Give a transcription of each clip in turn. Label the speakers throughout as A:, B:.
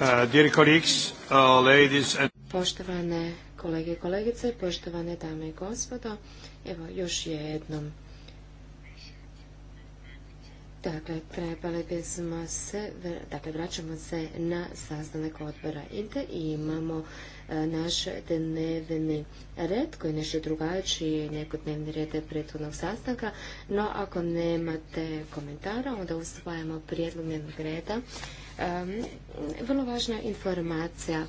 A: Uh,
B: uh,
A: poštovane kolege i kolegice, poštovane dame i gospodo, evo još jednom Dakle, trebali bismo se, dakle, vraćamo se na sastanak odbora i imamo e, naš dnevni red koji je nešto drugačiji nego dnevni red prethodnog sastanka, no ako nemate komentara, onda usvajamo prijedlog dnevnog reda. vrlo važna informacija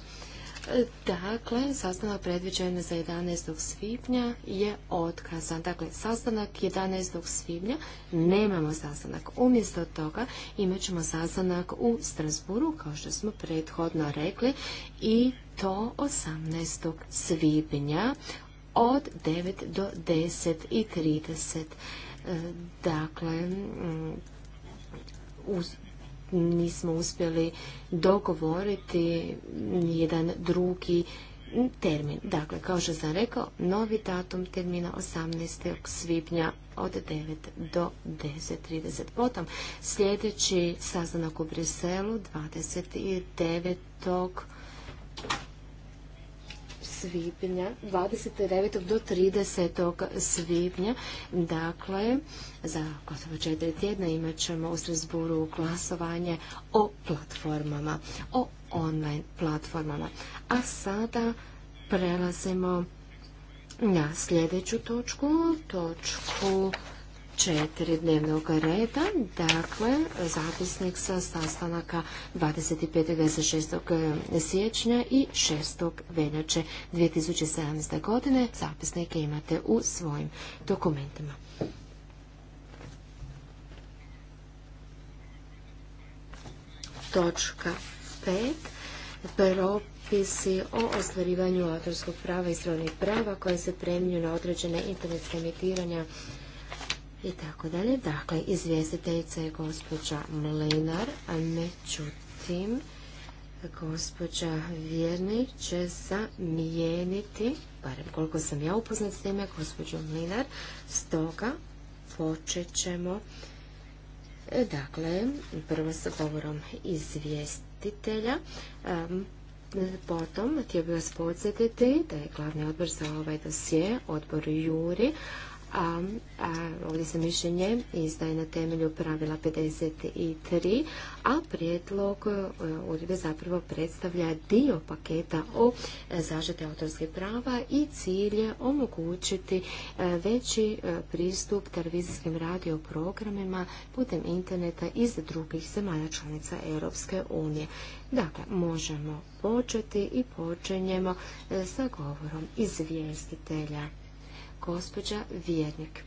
A: Dakle, sastanak predviđen za 11. svibnja je otkazan. Dakle, sastanak 11. svibnja nemamo sastanak. Umjesto toga imat ćemo sastanak u Strasburu, kao što smo prethodno rekli, i to 18. svibnja od 9 do 10 i 30. E, dakle, uz nismo uspjeli dogovoriti jedan drugi termin. Dakle, kao što sam rekao, novi datum termina 18. svibnja od 9 do 10.30. Potom sljedeći sastanak u Briselu 29 svibnja, 29. do 30. svibnja, dakle, za gotovo četiri tjedna imat ćemo u Strasburu glasovanje o platformama, o online platformama. A sada prelazimo na sljedeću točku, točku četiri dnevnog reda, dakle zapisnik sa sastanaka 25. i 26. siječnja i 6. veljače 2017. godine. Zapisnike imate u svojim dokumentima. Točka 5. propisi o ostvarivanju autorskog prava i srodnih prava koje se premiju na određene internetske emitiranja i tako dalje. Dakle, izvjestiteljica je gospođa Mlinar, a međutim, gospođa Vjerni će zamijeniti, barem koliko sam ja upoznat s time, gospođu Mlinar, stoga počet ćemo e, Dakle, prvo sa govorom izvjestitelja, Potom, htio bih vas podsjetiti da je glavni odbor za ovaj dosje, odbor Juri, a, ovdje se mišljenje izdaje na temelju pravila 53, a prijedlog uredbe e, zapravo predstavlja dio paketa o e, zaštite autorskih prava i cilj je omogućiti e, veći pristup televizijskim radioprogramima putem interneta iz drugih zemalja članica Europske unije. Dakle, možemo početi i počinjemo sa govorom izvjestitelja gospođa Vjernik.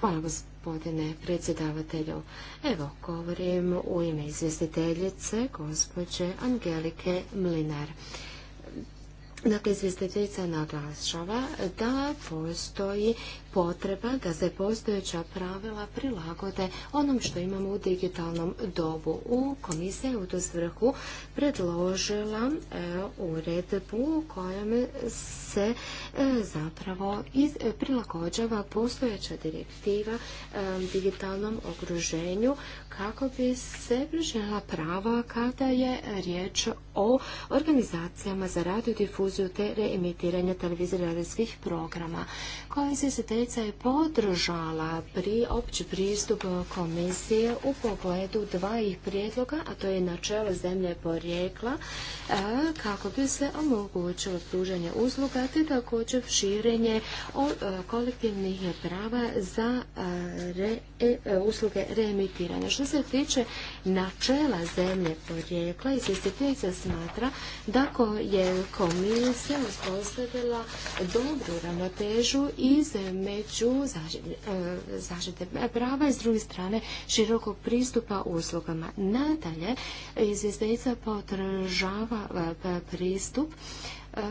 A: Hvala gospodine predsjedavatelju. Evo, govorim u ime izvjestiteljice gospođe Angelike Mlinar. Dakle, izvjestiteljica naglašava da postoji potreba da se postojeća pravila prilagode onom što imamo u digitalnom dobu. U komisiji u tu svrhu predložila e, uredbu u kojem se e, zapravo e, prilagođava postojeća direktiva digitalnom okruženju kako bi se prižela prava kada je riječ o organizacijama za radio difuziju te reemitiranje televizijskih programa. Koja se je podržala pri opći pristup komisije u pogledu dva ih prijedloga, a to je načelo zemlje porijekla, e, kako bi se omogućilo pružanje usluga te također širenje e, kolektivnih prava za e, usluge reemitiranja. Što se tiče načela zemlje porijekla, izvjestiteljica smatra da je komisija uspostavila dobru ravnotežu između zaštite e, prava i s druge strane širokog pristupa uslugama. Nadalje, izvjestiteljica podržava e, pristup e,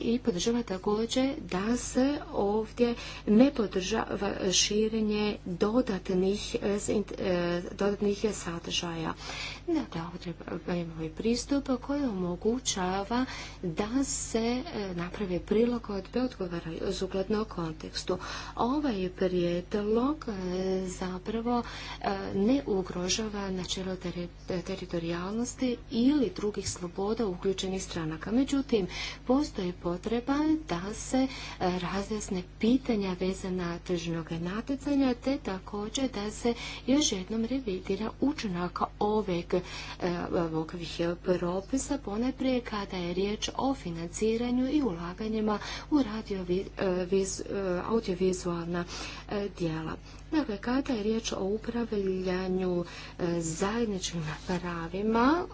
A: i podržava također da se ovdje ne podržava širenje dodatnih, eh, eh, dodatnih sadržaja. Dakle, ovo imamo pristup koji omogućava da se e, naprave prilagodbe odgovaraju sukladno kontekstu. Ovaj prijedlog e, zapravo e, ne ugrožava načelo teritorijalnosti ili drugih sloboda uključenih stranaka. Međutim, postoji potreba da se razjasne pitanja vezana tržnog natjecanja te također da se još jednom revidira učinaka ove E, ovih e, propisa, ponajprije kada je riječ o financiranju i ulaganjima u e, audiovizualna djela. Dakle, kada je riječ o upravljanju e, zajedničkim pravima,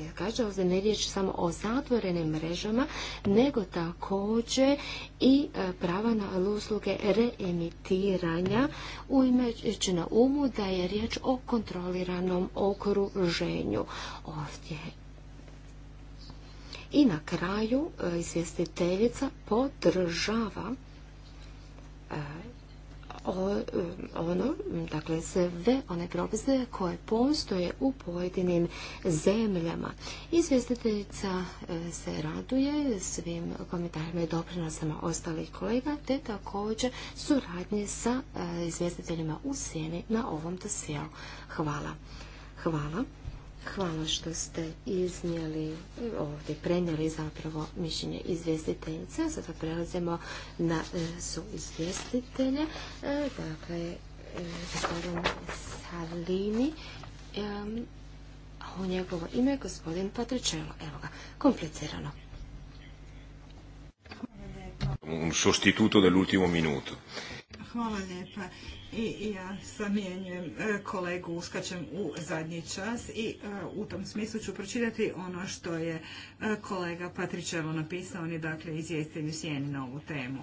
A: e, kaže ovdje ne riječ samo o zatvorenim mrežama, nego također i e, prava na usluge reemitiranja u imajući znači na umu da je riječ o kontroliranom okruženju. Ovdje i na kraju izvjestiteljica podržava Um, ono, um, dakle sve one propise koje postoje u pojedinim zemljama. Izvjestiteljica e, se raduje svim komentarima i doprinosama ostalih kolega, te također suradnje sa e, izvjestiteljima u sjeni na ovom dosijelu. Hvala. Hvala. Hvala što ste iznijeli, ovdje prenijeli zapravo mišljenje izvjestiteljice. Sada prelazimo na e, su izvjestitelje. E, dakle, e, gospodin Salini, a u njegovo ime gospodin Patričelo. Evo ga,
B: komplicirano. Un sostituto dell'ultimo minuto. Hvala lijepa. I ja samijenjem e, kolegu, uskačem u zadnji čas i e, u tom smislu ću pročitati ono što je e, kolega Patričevo napisao, on je dakle izvjestitelj u sjeni na ovu temu.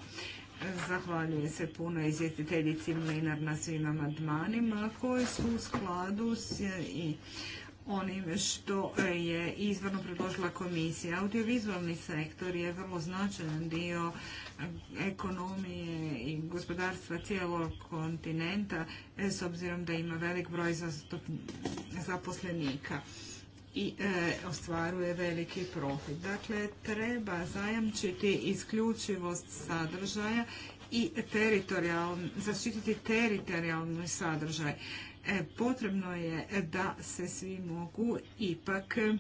B: Zahvaljujem se puno izvjestiteljici Mlinar na svim amandmanima koji su u skladu s i onim što je izvorno predložila komisija. Audiovizualni sektor je vrlo značajan dio ekonomije i gospodarstva cijelog kontinenta e, s obzirom da ima velik broj zaposlenika i e, ostvaruje veliki profit. Dakle, treba zajamčiti isključivost sadržaja i teritorijalno, zaštititi teritorijalni sadržaj. E, potrebno je da se svi mogu ipak e,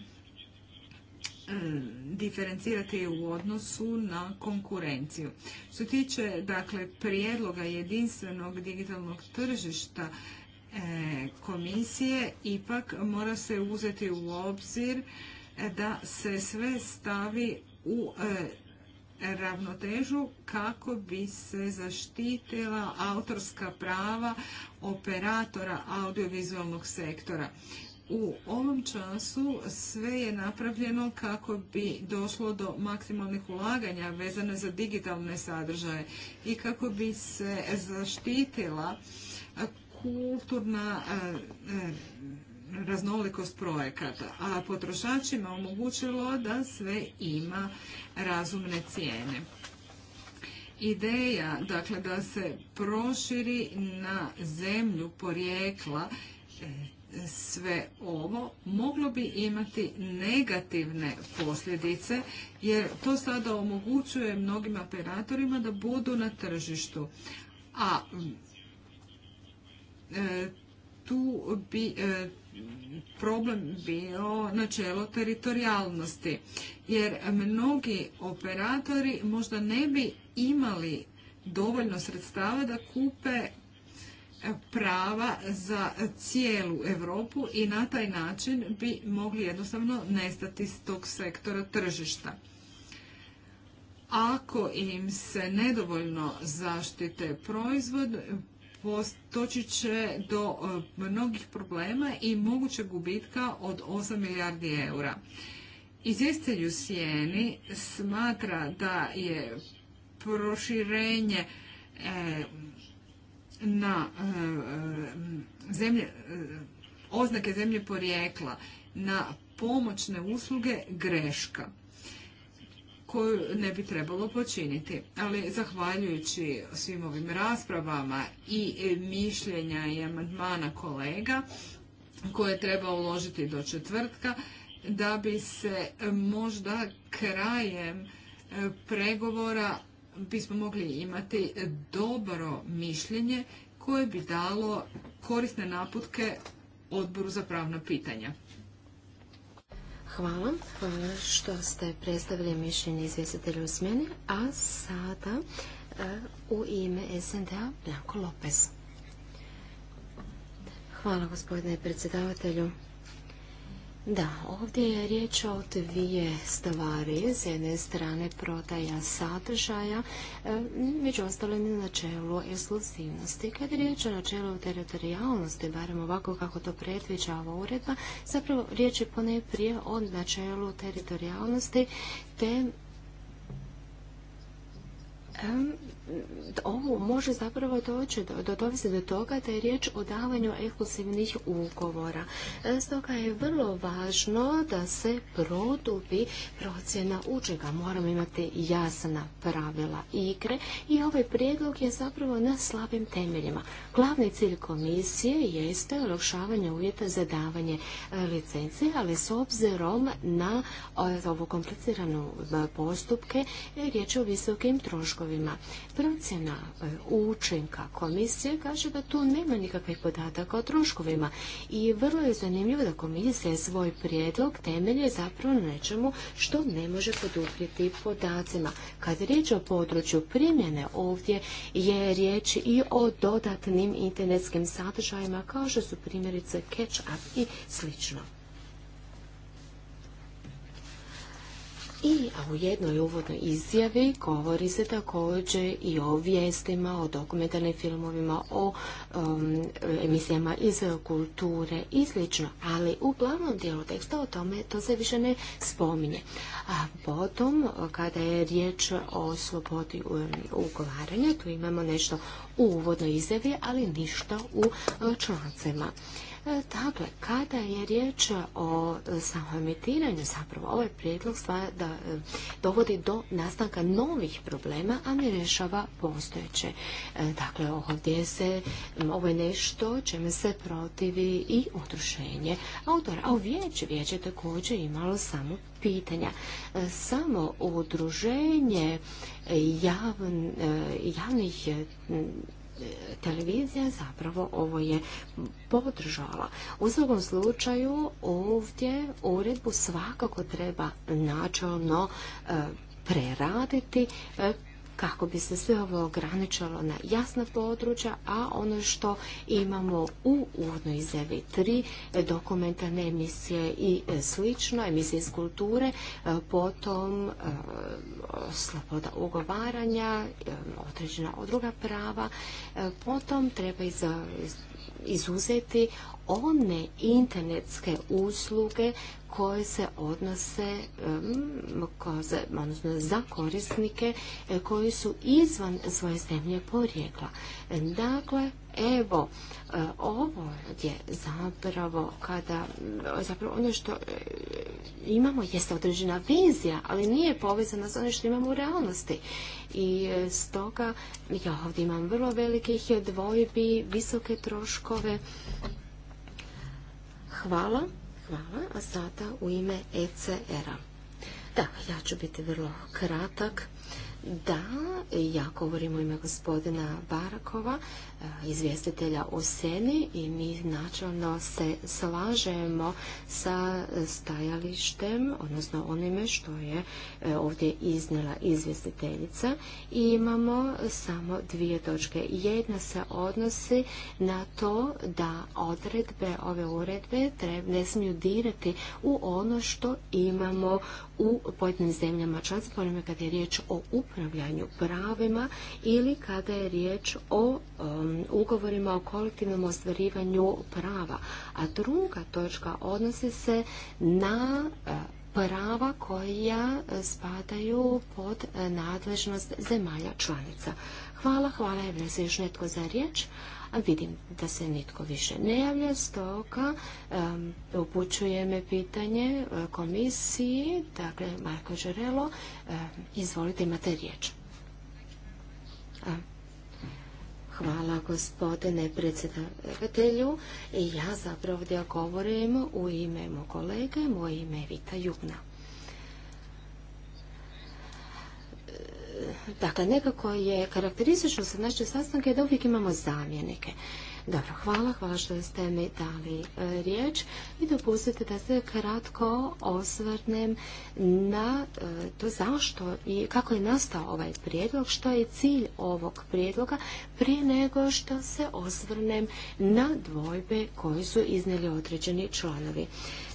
B: diferencirati u odnosu na konkurenciju. Što tiče dakle, prijedloga jedinstvenog digitalnog tržišta e, komisije, ipak mora se uzeti u obzir da se sve stavi u ravnotežu kako bi se zaštitila autorska prava operatora audiovizualnog sektora. U ovom času sve je napravljeno kako bi došlo do maksimalnih ulaganja vezane za digitalne sadržaje i kako bi se zaštitila kulturna e, e, raznolikost projekata, a potrošačima omogućilo da sve ima razumne cijene. Ideja dakle, da se proširi na zemlju porijekla e, sve ovo moglo bi imati negativne posljedice jer to sada omogućuje mnogim operatorima da budu na tržištu. A e, tu bi e, problem bio načelo teritorijalnosti. Jer mnogi operatori možda ne bi imali dovoljno sredstava da kupe e, prava za cijelu Europu i na taj način bi mogli jednostavno nestati s tog sektora tržišta. Ako im se nedovoljno zaštite proizvod, doći će do e, mnogih problema i mogućeg gubitka od 8 milijardi eura. Izvjestelj u Sijeni smatra da je proširenje e, na e, zemlje, oznake zemlje porijekla na pomoćne usluge greška koju ne bi trebalo počiniti. Ali zahvaljujući svim ovim raspravama i mišljenja i amandmana kolega koje treba uložiti do četvrtka, da bi se možda krajem pregovora bismo mogli imati dobro mišljenje koje bi dalo korisne naputke odboru za pravna pitanja.
A: Hvala. što ste predstavili mišljenje izvjestitelja u smjeni. A sada eh, u ime SNDA a Blanko Lopez. Hvala gospodine predsjedavatelju. Da, ovdje je riječ o dvije stvari. S jedne strane prodaja sadržaja, e, među ostalim na načelu eksklusivnosti. Kad je riječ o načelu teritorijalnosti, barem ovako kako to predviđa ova uredba, zapravo riječ je pone prije o načelu teritorijalnosti te ovo može zapravo doći do, dovesti do toga da je riječ o davanju ekskluzivnih ugovora. E, stoga je vrlo važno da se produbi procjena učinka. Moramo imati jasna pravila igre i ovaj prijedlog je zapravo na slabim temeljima. Glavni cilj komisije jeste olakšavanje uvjeta za davanje e, licencije, ali s obzirom na e, ovu kompliciranu postupke riječ je o visokim troškovima. Procjena e, učinka komisije kaže da tu nema nikakvih podataka o troškovima i vrlo je zanimljivo da komisija svoj prijedlog temelje zapravo na nečemu što ne može poduprijeti podacima. Kad je riječ o području primjene ovdje je riječ i o dodatnim internetskim sadržajima kao što su primjerice catch up i slično. I a u jednoj uvodnoj izjavi govori se također i o vijestima, o dokumentarnim filmovima, o um, emisijama iz kulture i slično. Ali u glavnom dijelu teksta o tome to se više ne spominje. A potom, kada je riječ o slobodi um, ugovaranja, tu imamo nešto u uvodnoj izjavi, ali ništa u uh, člancima. E, dakle, kada je riječ o samoemitiranju zapravo ovaj prijedlog da e, dovodi do nastanka novih problema, a ne rješava postojeće. E, dakle, ovdje se, ovo je nešto čime se protivi i udruženje autora. A u vijeće, je također imalo samo pitanja. Samo udruženje javn, javnih E, televizija zapravo ovo je podržala. U svakom slučaju ovdje uredbu svakako treba načelno e, preraditi e, kako bi se sve ovo ograničalo na jasna područja, a ono što imamo u uvodnoj izjavi tri e, dokumentarne emisije i e, slično, emisije iz kulture, e, potom sloboda ugovaranja, određena druga prava, potom treba iz izuzeti one internetske usluge koje se odnose za korisnike e, koji su izvan svoje zemlje porijekla. Dakle, Evo, e, ovo je zapravo kada, zapravo ono što e, imamo jeste određena vizija, ali nije povezana s ono što imamo u realnosti. I e, stoga ja ovdje imam vrlo velikih dvojbi, visoke troškove. Hvala, hvala, a sada u ime ECR-a. Da, ja ću biti vrlo kratak. Da, ja govorim u ime gospodina Barakova. Eh, izvjestitelja o Seni i mi načelno se slažemo sa eh, stajalištem, odnosno onime što je eh, ovdje iznijela izvjestiteljica i imamo samo dvije točke. Jedna se odnosi na to da odredbe ove uredbe ne smiju dirati u ono što imamo u pojedinim zemljama članica, kada je riječ o upravljanju pravima ili kada je riječ o Um, ugovorima o kolektivnom ostvarivanju prava. A druga točka odnosi se na e, prava koja spadaju pod e, nadležnost zemalja članica. Hvala, hvala. je se još netko za riječ? vidim da se nitko više ne javlja, stoga upućuje pitanje e, komisiji, dakle Marko Žerelo, izvolite imate riječ. Hvala gospodine predsjedatelju. I ja zapravo ovdje govorim u ime moj kolege, moje ime je Vita Jugna. Dakle, nekako je karakteristično sa naše sastanke da uvijek imamo zamjenike. Dobro, hvala, hvala što ste mi dali e, riječ i dopustite da se kratko osvrnem na e, to zašto i kako je nastao ovaj prijedlog, što je cilj ovog prijedloga prije nego što se osvrnem na dvojbe koje su iznijeli određeni članovi.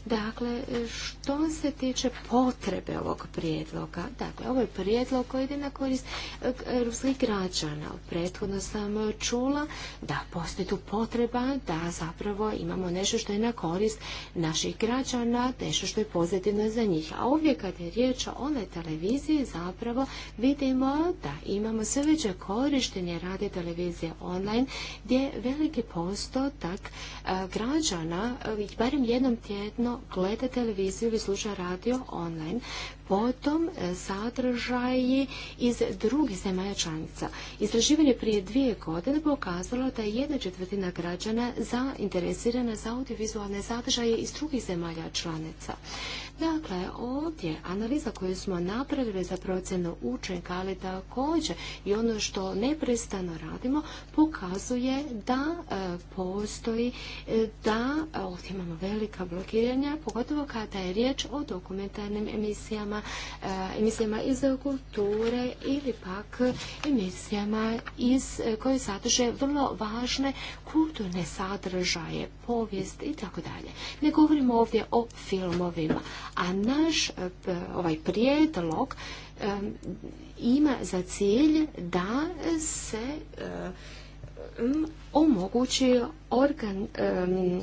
A: Dakle, što se tiče potrebe ovog prijedloga, dakle, ovo je prijedlog koji ide na korist e, ruskih građana. Prethodno sam čula da postoji tu potreba da zapravo imamo nešto što je na korist naših građana, nešto što je pozitivno za njih. A uvijek kad je riječ o onoj televiziji, zapravo vidimo da imamo sve veće korištenje rade televizije online, gdje je veliki postotak e, građana, barem jednom tjedno, gleda televiziju ili sluša radio online, Potom e, sadržaji iz drugih zemalja članica. Istraživanje prije dvije godine pokazalo da je jedna četvrtina građana zainteresirana za audiovizualne sadržaje iz drugih zemalja članica. Dakle, ovdje analiza koju smo napravili za procjenu učenka, ali također i ono što neprestano radimo, pokazuje da e, postoji, e, da ovdje imamo velika blokiranja, pogotovo kada je riječ o dokumentarnim emisijama emisijama, e, emisijama iz kulture ili pak emisijama iz, e, koje sadrže vrlo važne kulturne sadržaje, povijest i tako dalje. Ne govorimo ovdje o filmovima, a naš e, ovaj prijedlog ima za cilj da se omogući organ,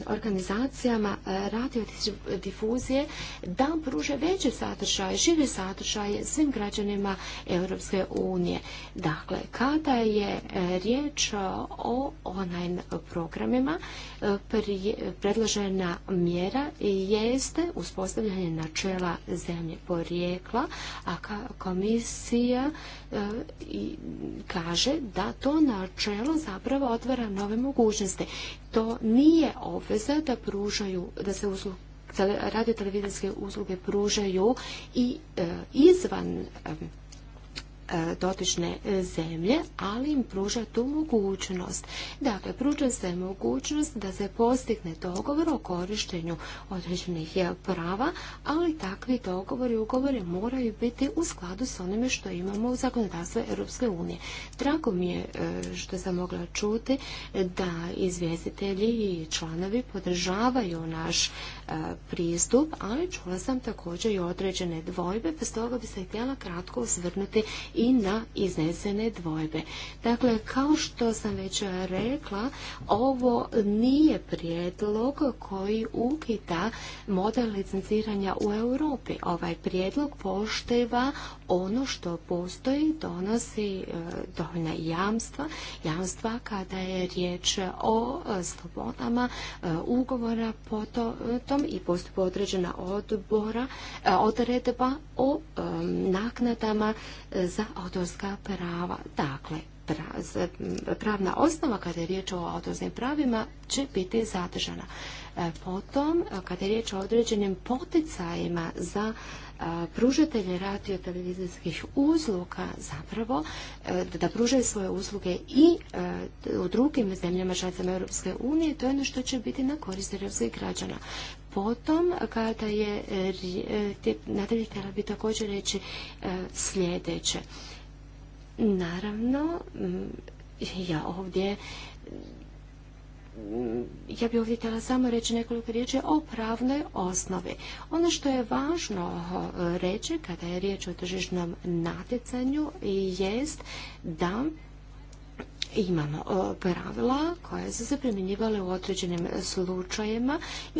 A: organizacijama eh, radiodifuzije da pruže veće sadržaje, živi sadržaje svim građanima Europske unije. Dakle, kada je eh, riječ o online programima, eh, predložena mjera jeste uspostavljanje načela zemlje porijekla, a komisija kaže da to načelo zapravo otvara nove mogućnosti. To nije obveza da pružaju, da se uslu televizijske usluge pružaju i e, izvan E, dotične e, zemlje, ali im pruža tu mogućnost. Dakle, pruža se mogućnost da se postigne dogovor o korištenju određenih e, prava, ali takvi dogovori i ugovori moraju biti u skladu s onime što imamo u zakonodavstvu Europske unije. Drago mi je što sam mogla čuti da izvjestitelji i članovi podržavaju naš pristup, ali čula sam također i određene dvojbe, bez pa toga bi se htjela kratko osvrnuti i i na iznesene dvojbe. Dakle, kao što sam već rekla, ovo nije prijedlog koji ukida model licenciranja u Europi. Ovaj prijedlog pošteva ono što postoji, donosi e, dovoljna jamstva, jamstva kada je riječ o slobodama e, ugovora potom e, i postupu određena odbora, odredba o naknadama za autorska prava. Dakle, pravna osnova kada je riječ o autorskim pravima će biti zadržana. E, potom, kada je riječ o određenim poticajima za e, pružatelje radio televizijskih usluga zapravo e, da pružaju svoje usluge i u drugim zemljama članicama Europske unije, to je ono što će biti na korist europskih građana potom, kada je, e, e, nadalje htjela bi također reći e, sljedeće. Naravno, ja ovdje ja bih ovdje htjela samo reći nekoliko riječi o pravnoj osnovi. Ono što je važno reći kada je riječ o tržišnom natjecanju jest da imamo e, pravila koja su se primjenjivale u određenim slučajima i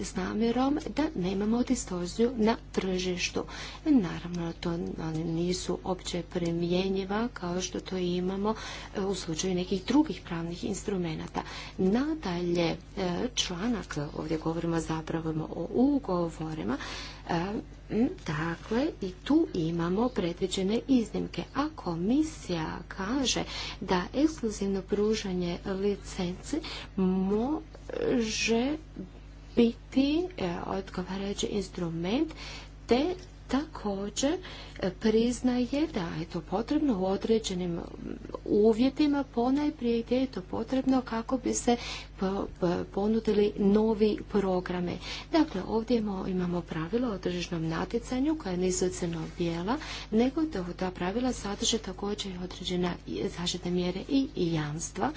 A: e, s namjerom da nemamo distorziju na tržištu. Naravno, to nisu opće primjenjiva kao što to imamo e, u slučaju nekih drugih pravnih instrumenata. Nadalje, članak, ovdje govorimo zapravo o ugovorima, Dakle, i tu imamo predviđene iznimke. A komisija kaže da ekskluzivno pružanje licence može biti e, odgovarajući instrument te također e, priznaje da je to potrebno u određenim uvjetima ponajprije gdje je to potrebno kako bi se ponudili novi programe. Dakle, ovdje imamo pravilo o tržišnom natjecanju koja nisu crno bijela, nego da ta pravila sadrže također određena zaštitne mjere i jamstva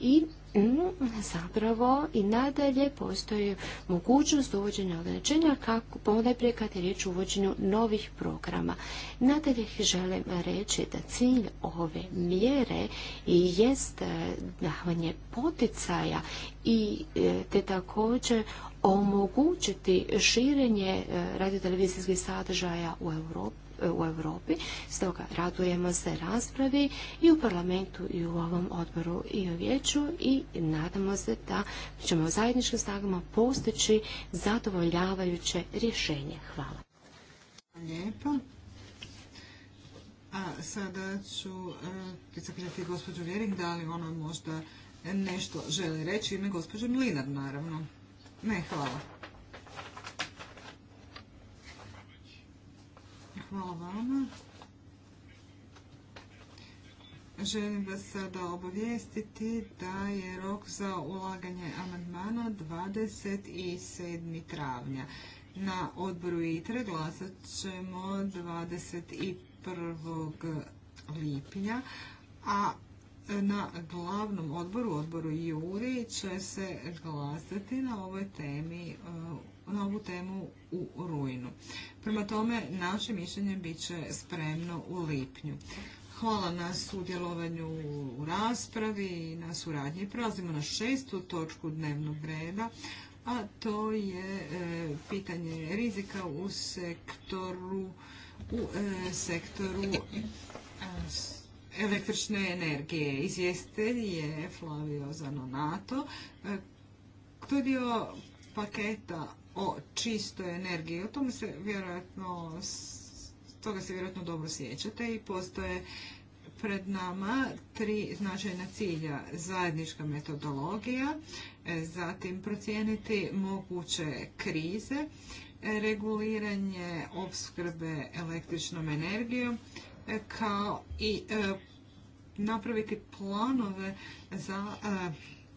A: i mm, zapravo i nadalje postoji mogućnost uvođenja ograničenja kako ponajprije kad je riječ o uvođenju novih programa. Nadalje želim reći da cilj ove mjere jest eh, davanje poticaja i e, te također omogućiti širenje e, radiotelevizijskih sadržaja u Europi e, u Stoga radujemo se raspravi i u parlamentu i u ovom odboru i u vijeću i nadamo se da ćemo u zajedničkim snagama postići zadovoljavajuće rješenje. Hvala.
B: Lijepo. A sada ću gospođu vjerik da li ona možda nešto želi reći ime gospođe Mlinar, naravno. Ne, hvala. Hvala vama. Želim vas sada obavijestiti da je rok za ulaganje amandmana 27. travnja. Na odboru ITRE glasat ćemo 21. lipnja, a na glavnom odboru, odboru Juri, će se glasati na ovoj temi, e, na ovu temu u rujnu. Prema tome, naše mišljenje bit će spremno u lipnju. Hvala na sudjelovanju u raspravi i na suradnji. Prelazimo na šestu točku dnevnog reda, a to je e, pitanje rizika u sektoru, u e, sektoru električne energije. Izvjestitelj je Flavio Zanonato. E, to je dio paketa o čistoj energiji. O tome se vjerojatno, toga se vjerojatno dobro sjećate i postoje pred nama tri značajna cilja. Zajednička metodologija, e, zatim procijeniti moguće krize, reguliranje opskrbe električnom energijom, kao i e, napraviti planove za e,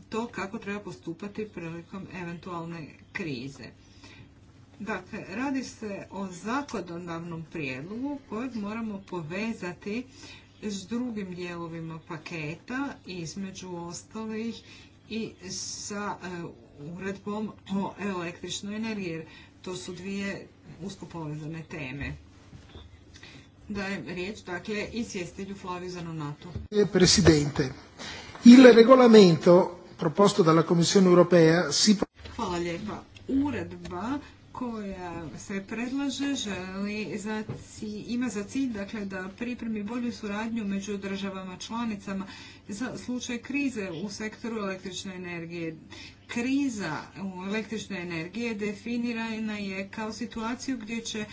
B: to kako treba postupati prilikom eventualne krize. Dakle, radi se o zakonodavnom prijedlogu kojeg moramo povezati s drugim dijelovima paketa, između ostalih i sa e, uredbom o električnoj energiji. To su dvije usko povezane teme dajem riječ, dakle, izvjestelju Flavizanu NATO. Presidente, il regolamento proposto dalla Commissione europea si... Hvala lijepa. Uredba koja se predlaže želi ima za cilj dakle, da pripremi bolju suradnju među državama članicama za slučaj krize u sektoru električne energije. Kriza u električne energije definirana je kao situaciju gdje će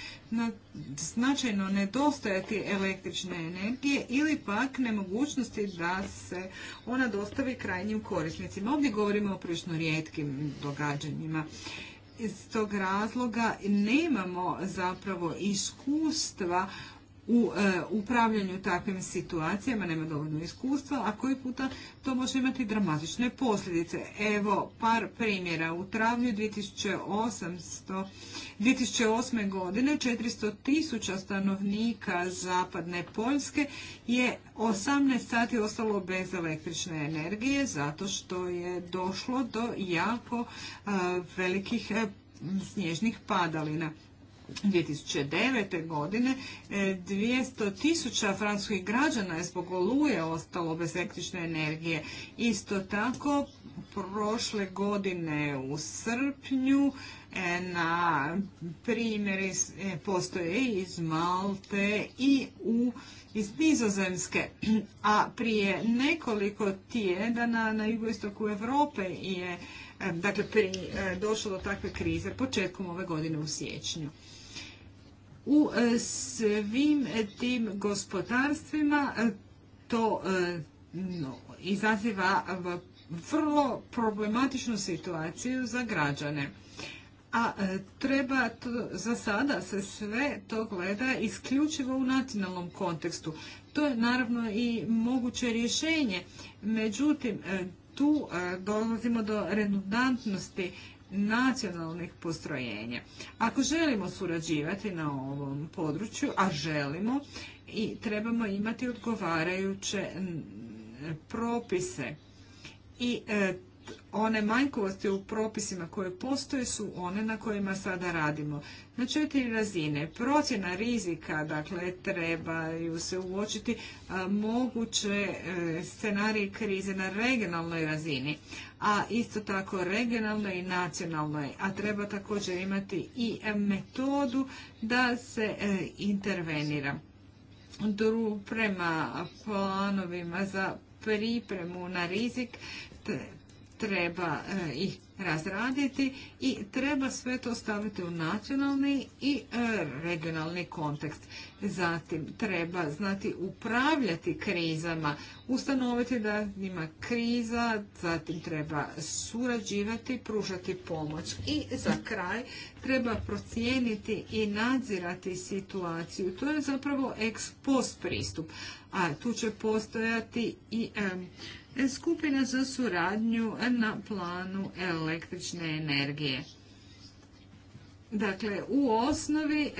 B: značajno nedostajati električne energije ili pak nemogućnosti da se ona dostavi krajnjim korisnicima. Ovdje govorimo o prilično rijetkim događanjima iz tog razloga nemamo zapravo iskustva u e, upravljanju takvim situacijama, nema dovoljno iskustva, a koji puta to može imati dramatične posljedice. Evo par primjera. U travnju 2800, 2008. godine 400 tisuća stanovnika zapadne Poljske je 18 sati ostalo bez električne energije zato što je došlo do jako e, velikih e, snježnih padalina. 2009. godine 200 e, tisuća francuskih građana je zbog oluje ostalo bez električne energije. Isto tako, prošle godine u srpnju e, na primjer e, postoje iz Malte i u iz Nizozemske, a prije nekoliko tjedana na jugoistoku Europe je dakle, došlo do takve krize početkom ove godine u siječnju u e, svim e, tim gospodarstvima e, to izaziva vrlo problematičnu situaciju za građane. A treba to, za sada se sve to gleda isključivo u nacionalnom kontekstu. To je naravno i moguće rješenje. Međutim, tu dolazimo do redundantnosti nacionalnih postrojenja. Ako želimo surađivati na ovom području, a želimo, i trebamo imati odgovarajuće propise. I e, one manjkovosti u propisima koje postoje su one na kojima sada radimo. Na četiri razine. Procjena rizika, dakle, trebaju se uočiti e, moguće e, scenarije krize na regionalnoj razini, a isto tako regionalnoj i nacionalnoj, a treba također imati i metodu da se e, intervenira. prema planovima za pripremu na rizik, treba e, ih razraditi i treba sve to staviti u nacionalni i e, regionalni kontekst. Zatim treba znati upravljati krizama, ustanoviti da ima kriza, zatim treba surađivati, pružati pomoć i za kraj treba procijeniti i nadzirati situaciju. To je zapravo ex post pristup, a tu će postojati i e, skupina za suradnju na planu električne energije. Dakle, u osnovi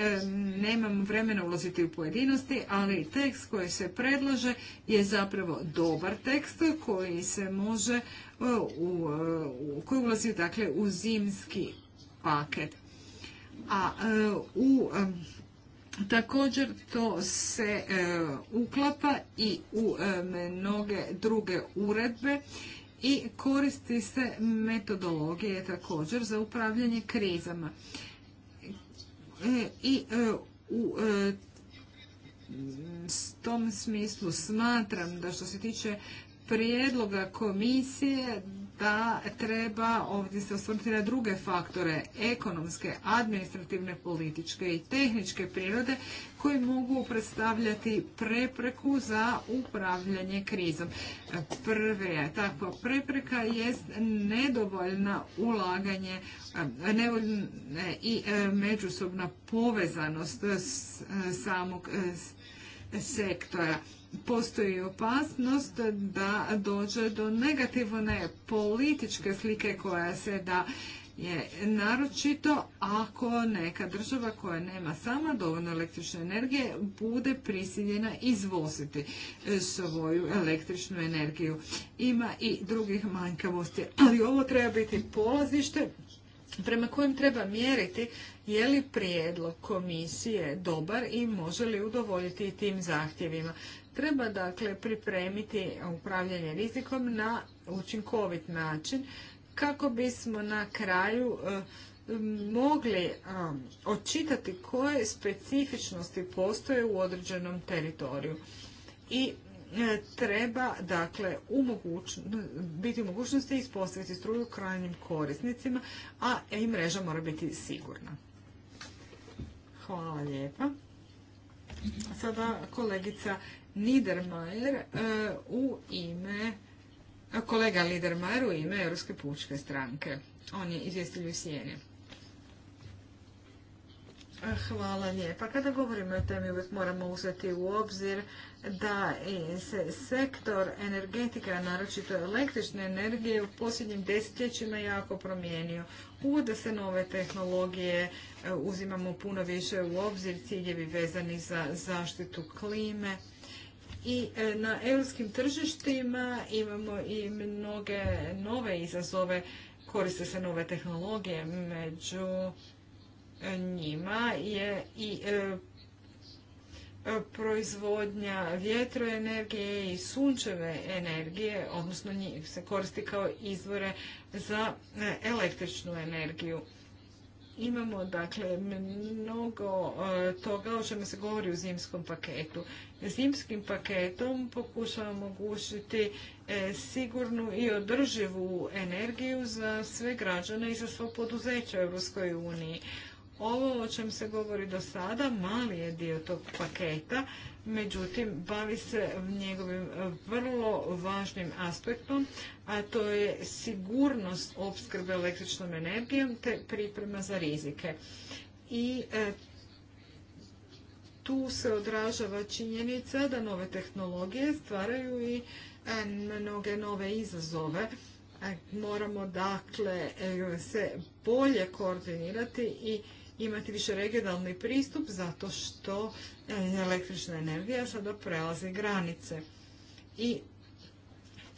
B: nemam vremena ulaziti u pojedinosti, ali tekst koji se predlaže je zapravo dobar tekst koji se može, e, e, u, koji ulazi dakle, u zimski paket a e, u e, Također to se e, uklapa i u mnoge druge uredbe i koristi se metodologije također za upravljanje krizama. I u tom smislu smatram da što se tiče prijedloga komisije da treba ovdje se osvrnuti na druge faktore, ekonomske, administrativne, političke i tehničke prirode koji mogu predstavljati prepreku za upravljanje krizom. Prve takva prepreka jest nedovoljna ulaganje i e, međusobna povezanost e, samog e, sektora postoji opasnost da dođe do negativne političke slike koja se da je naročito ako neka država koja nema sama dovoljno električne energije bude prisiljena izvoziti e, svoju električnu energiju. Ima i drugih manjkavosti, ali ovo treba biti polazište prema kojem treba mjeriti je li prijedlog komisije dobar i može li udovoljiti tim zahtjevima. Treba dakle pripremiti upravljanje rizikom na učinkovit način kako bismo na kraju eh, mogli eh, očitati koje specifičnosti postoje u određenom teritoriju. I eh, treba dakle biti u mogućnosti ispostaviti struju krajnjim korisnicima, a i e-, mreža mora biti sigurna. Hvala lijepa. Sada kolegica Niedermayer e, u ime kolega Lidermajer u ime Europske pučke stranke. On je izvjestitelj u sjeni. Hvala lijepa. Kada govorimo o temi uvijek moramo uzeti u obzir da se sektor energetika, naročito električne energije, u posljednjim desetljećima jako promijenio. Uvode se nove tehnologije, e, uzimamo puno više u obzir ciljevi vezani za zaštitu klime, i e, na europskim tržištima imamo i mnoge nove izazove, koriste se nove tehnologije, među e, njima je i e, proizvodnja vjetroenergije i sunčeve energije, odnosno njih se koristi kao izvore za električnu energiju. Imamo dakle mnogo e, toga o čemu se govori u zimskom paketu. Zimskim paketom pokušavamo omogućiti e, sigurnu i održivu energiju za sve građane i za sva poduzeće u Europskoj uniji. Ovo o čem se govori do sada, mali je dio tog paketa, međutim bavi se njegovim e, vrlo važnim aspektom, a to je sigurnost opskrbe električnom energijom te priprema za rizike. I e, tu se odražava činjenica da nove tehnologije stvaraju i e, mnoge nove izazove. moramo dakle se bolje koordinirati i imati više regionalni pristup zato što e, električna energija sada prelazi granice. I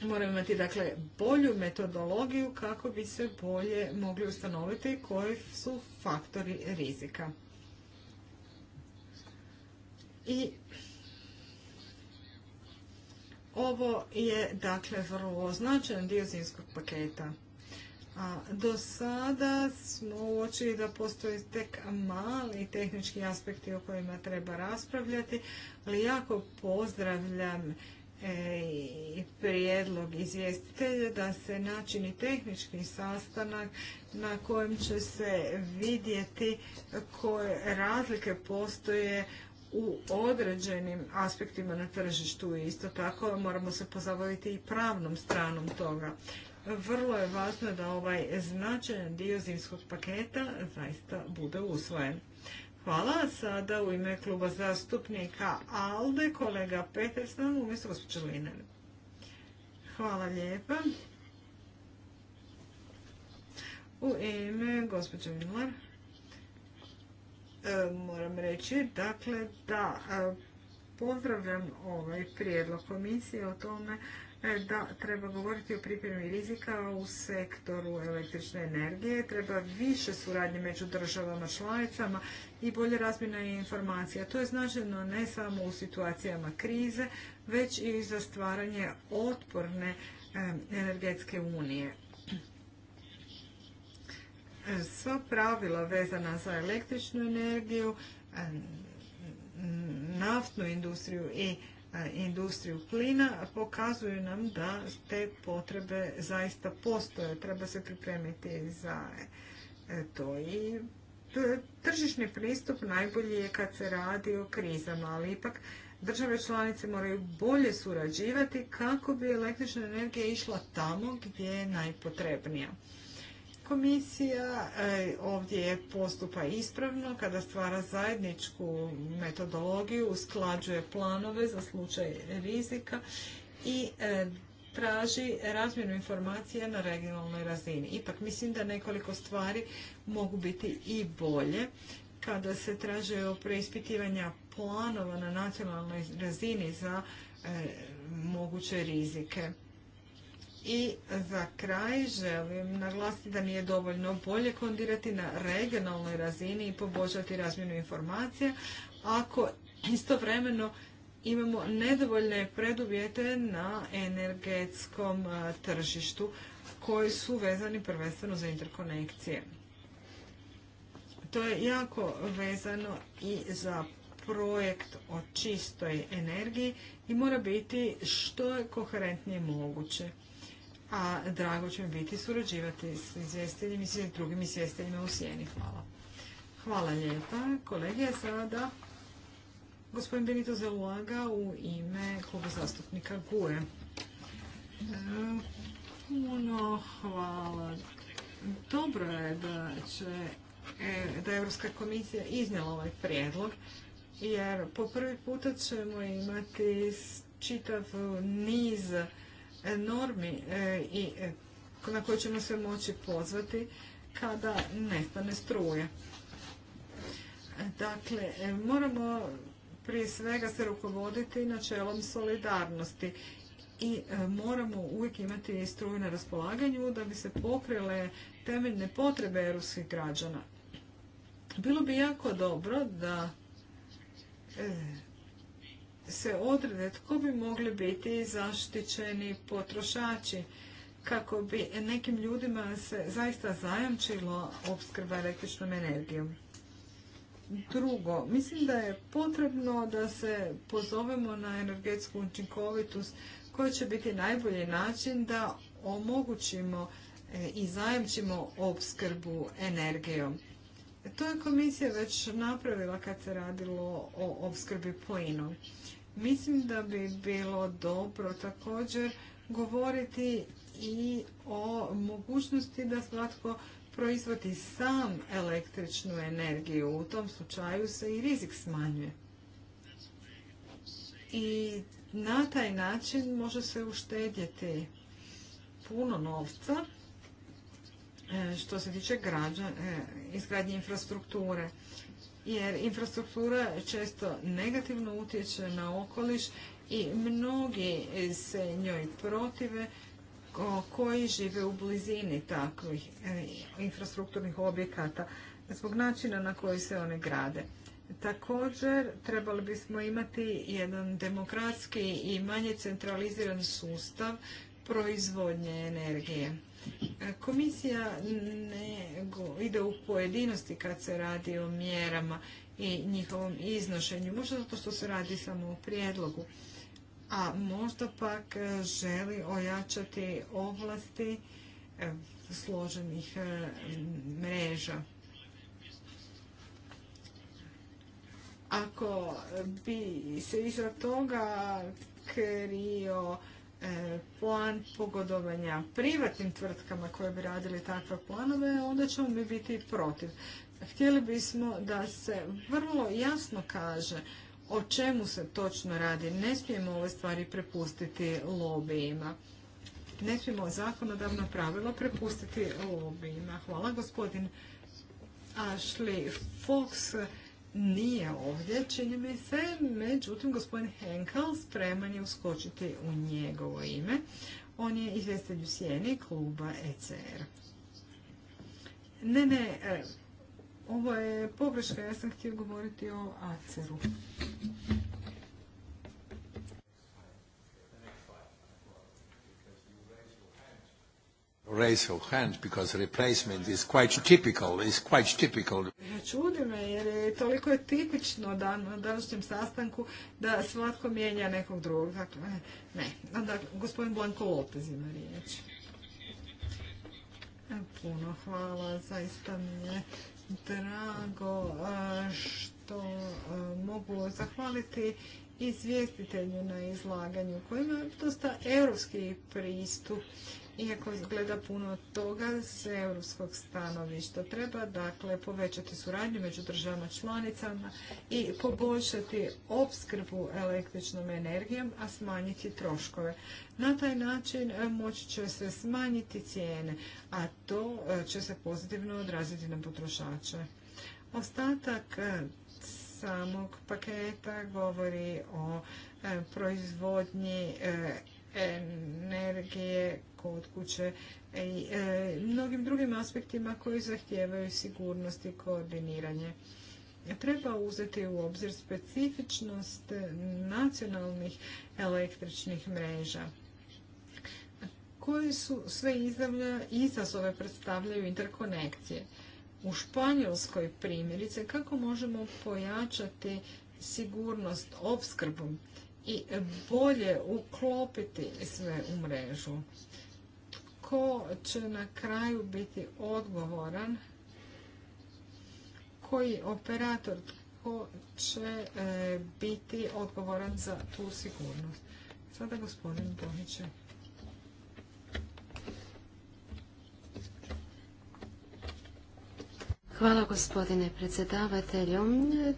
B: moramo imati dakle bolju metodologiju kako bi se bolje mogli ustanoviti koji su faktori rizika. I ovo je dakle vrlo značajan dio zimskog paketa. A do sada smo uočili da postoje tek mali tehnički aspekti o kojima treba raspravljati, ali jako pozdravljam e, i prijedlog izvjestitelja da se načini tehnički sastanak na kojem će se vidjeti koje razlike postoje u određenim aspektima na tržištu i isto tako moramo se pozabaviti i pravnom stranom toga. Vrlo je važno da ovaj značajan dio zimskog paketa zaista bude usvojen. Hvala. Sada u ime kluba zastupnika ALDE, kolega Peterson, umjesto gospođa Liner. Hvala lijepa. U ime gospođe e, moram reći dakle da e, pozdravljam ovaj prijedlog komisije o tome E, da treba govoriti o pripremi rizika u sektoru električne energije, treba više suradnje među državama članicama i bolje razmjena informacija. To je značajno ne samo u situacijama krize, već i za stvaranje otporne energetske unije. Sva pravila vezana za električnu energiju, naftnu industriju i E, industriju plina pokazuju nam da te potrebe zaista postoje. Treba se pripremiti za e, to i e, tržišni pristup najbolji je kad se radi o krizama, ali ipak države članice moraju bolje surađivati kako bi električna energija išla tamo gdje je najpotrebnija. Komisija e, ovdje postupa ispravno kada stvara zajedničku metodologiju, usklađuje planove za slučaj rizika i e, traži razmjenu informacija na regionalnoj razini. Ipak mislim da nekoliko stvari mogu biti i bolje kada se traže preispitivanja planova na nacionalnoj razini za e, moguće rizike. I za kraj želim naglasiti da nije dovoljno bolje kondirati na regionalnoj razini i poboljšati razmjenu informacija ako istovremeno imamo nedovoljne preduvjete na energetskom tržištu koji su vezani prvenstveno za interkonekcije. To je jako vezano i za projekt o čistoj energiji i mora biti što je koherentnije moguće a drago će mi biti surađivati s izvjestiteljima i s drugim izvjestiteljima u sjeni. Hvala. Hvala lijepa. Kolege, sada gospodin Benito Zeluaga u ime kluba zastupnika GUE. E, hvala. Dobro je da će e, da je Europska komisija iznijela ovaj prijedlog, jer po prvi puta ćemo imati čitav niz normi e, i e, na koje ćemo se moći pozvati kada nestane struje. Dakle, e, moramo prije svega se rukovoditi načelom solidarnosti i moramo uvijek imati struju na raspolaganju da bi se pokrile temeljne potrebe europskih građana. Bilo bi jako dobro da se odrede tko bi mogli biti zaštićeni potrošači kako bi nekim ljudima se zaista zajamčilo opskrba električnom energijom. Drugo, mislim da je potrebno da se pozovemo na energetsku učinkovitost koja će biti najbolji način da omogućimo e, i zajamčimo opskrbu energijom. To je komisija već napravila kad se radilo o opskrbi plinom. Mislim da bi bilo dobro također govoriti i o mogućnosti da svatko proizvodi sam električnu energiju. U tom slučaju se i rizik smanjuje. I na taj način može se uštedjeti puno novca e, što se tiče e, izgradnje infrastrukture jer infrastruktura često negativno utječe na okoliš i mnogi se njoj protive koji žive u blizini takvih e, infrastrukturnih objekata zbog načina na koji se one grade. Također trebali bismo imati jedan demokratski i manje centraliziran sustav proizvodnje energije. Komisija ne ide u pojedinosti kad se radi o mjerama i njihovom iznošenju, možda zato što se radi samo o prijedlogu, a možda pak e, želi ojačati ovlasti e, složenih e, mreža. Ako bi se iza toga krio E, plan pogodovanja privatnim tvrtkama koje bi radili takve planove, onda ćemo mi biti protiv. Htjeli bismo da se vrlo jasno kaže o čemu se točno radi. Ne smijemo ove stvari prepustiti lobijima. Ne smijemo zakonodavno pravilo prepustiti lobijima. Hvala gospodin Ashley Fox nije ovdje, čini mi se, međutim gospodin Henkel spreman je uskočiti u njegovo ime. On je izvjestelj u sjeni kluba ECR. Ne, ne, e, ovo je pogreška, ja sam htio govoriti o ACER-u.
C: raise your hands because replacement is quite typical, is quite typical.
B: Čudi me jer je toliko je tipično na današnjem sastanku da svatko mijenja nekog drugog. Dakle, ne. Onda gospodin Blanko Lopez ima riječ. E, puno hvala, zaista mi je drago što mogu zahvaliti izvjestitelju na izlaganju koji ima dosta evropski pristup iako izgleda puno toga s europskog stanovišta. Treba dakle povećati suradnju među državama članicama i poboljšati opskrbu električnom energijom, a smanjiti troškove. Na taj način e, moći će se smanjiti cijene, a to e, će se pozitivno odraziti na potrošače. Ostatak e, samog paketa govori o proizvodnji energije kod kuće e, i e, mnogim drugim aspektima koji zahtijevaju sigurnost i koordiniranje. Treba uzeti u obzir specifičnost nacionalnih električnih mreža. Koji su sve izazove predstavljaju interkonekcije? U Španjolskoj primjerice kako možemo pojačati sigurnost opskrbom i bolje uklopiti sve u mrežu. Tko će na kraju biti odgovoran? Koji operator tko će e, biti odgovoran za tu sigurnost? Sada gospodin je
A: Hvala gospodine predsjedavatelju.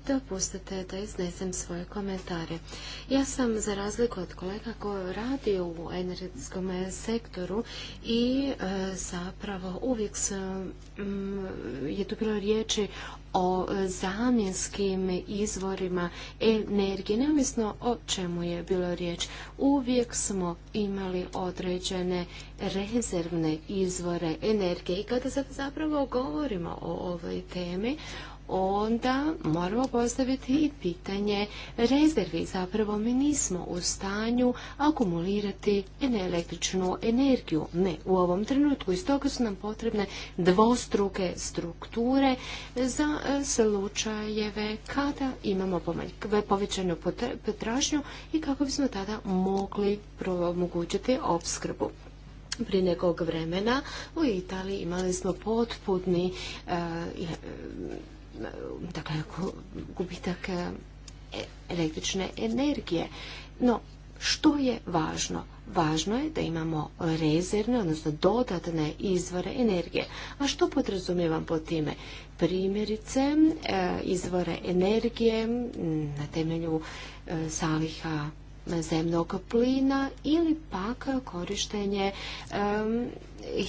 A: Dopustite da iznesem svoje komentare. Ja sam za razliku od kolega koji radi u energetskom sektoru i e, zapravo uvijek je tu bilo riječi o zamjenskim izvorima energije, neovisno o čemu je bilo riječ. Uvijek smo imali određene rezervne izvore energije i kada zapravo govorimo o ovoj temi, onda moramo postaviti i pitanje rezervi. Zapravo mi nismo u stanju akumulirati električnu energiju. Ne, u ovom trenutku. Iz toga su nam potrebne dvostruke strukture za e, slučajeve kada imamo povećanu potražnju i kako bismo tada mogli omogućiti opskrbu. Prije nekog vremena u Italiji imali smo potputni e, e, dakle, gubitak e, električne energije. No, što je važno? Važno je da imamo rezervne, odnosno dodatne izvore energije. A što podrazumijevam po time? Primjerice, e, izvore energije na temelju saliha e, zemnog plina ili pak korištenje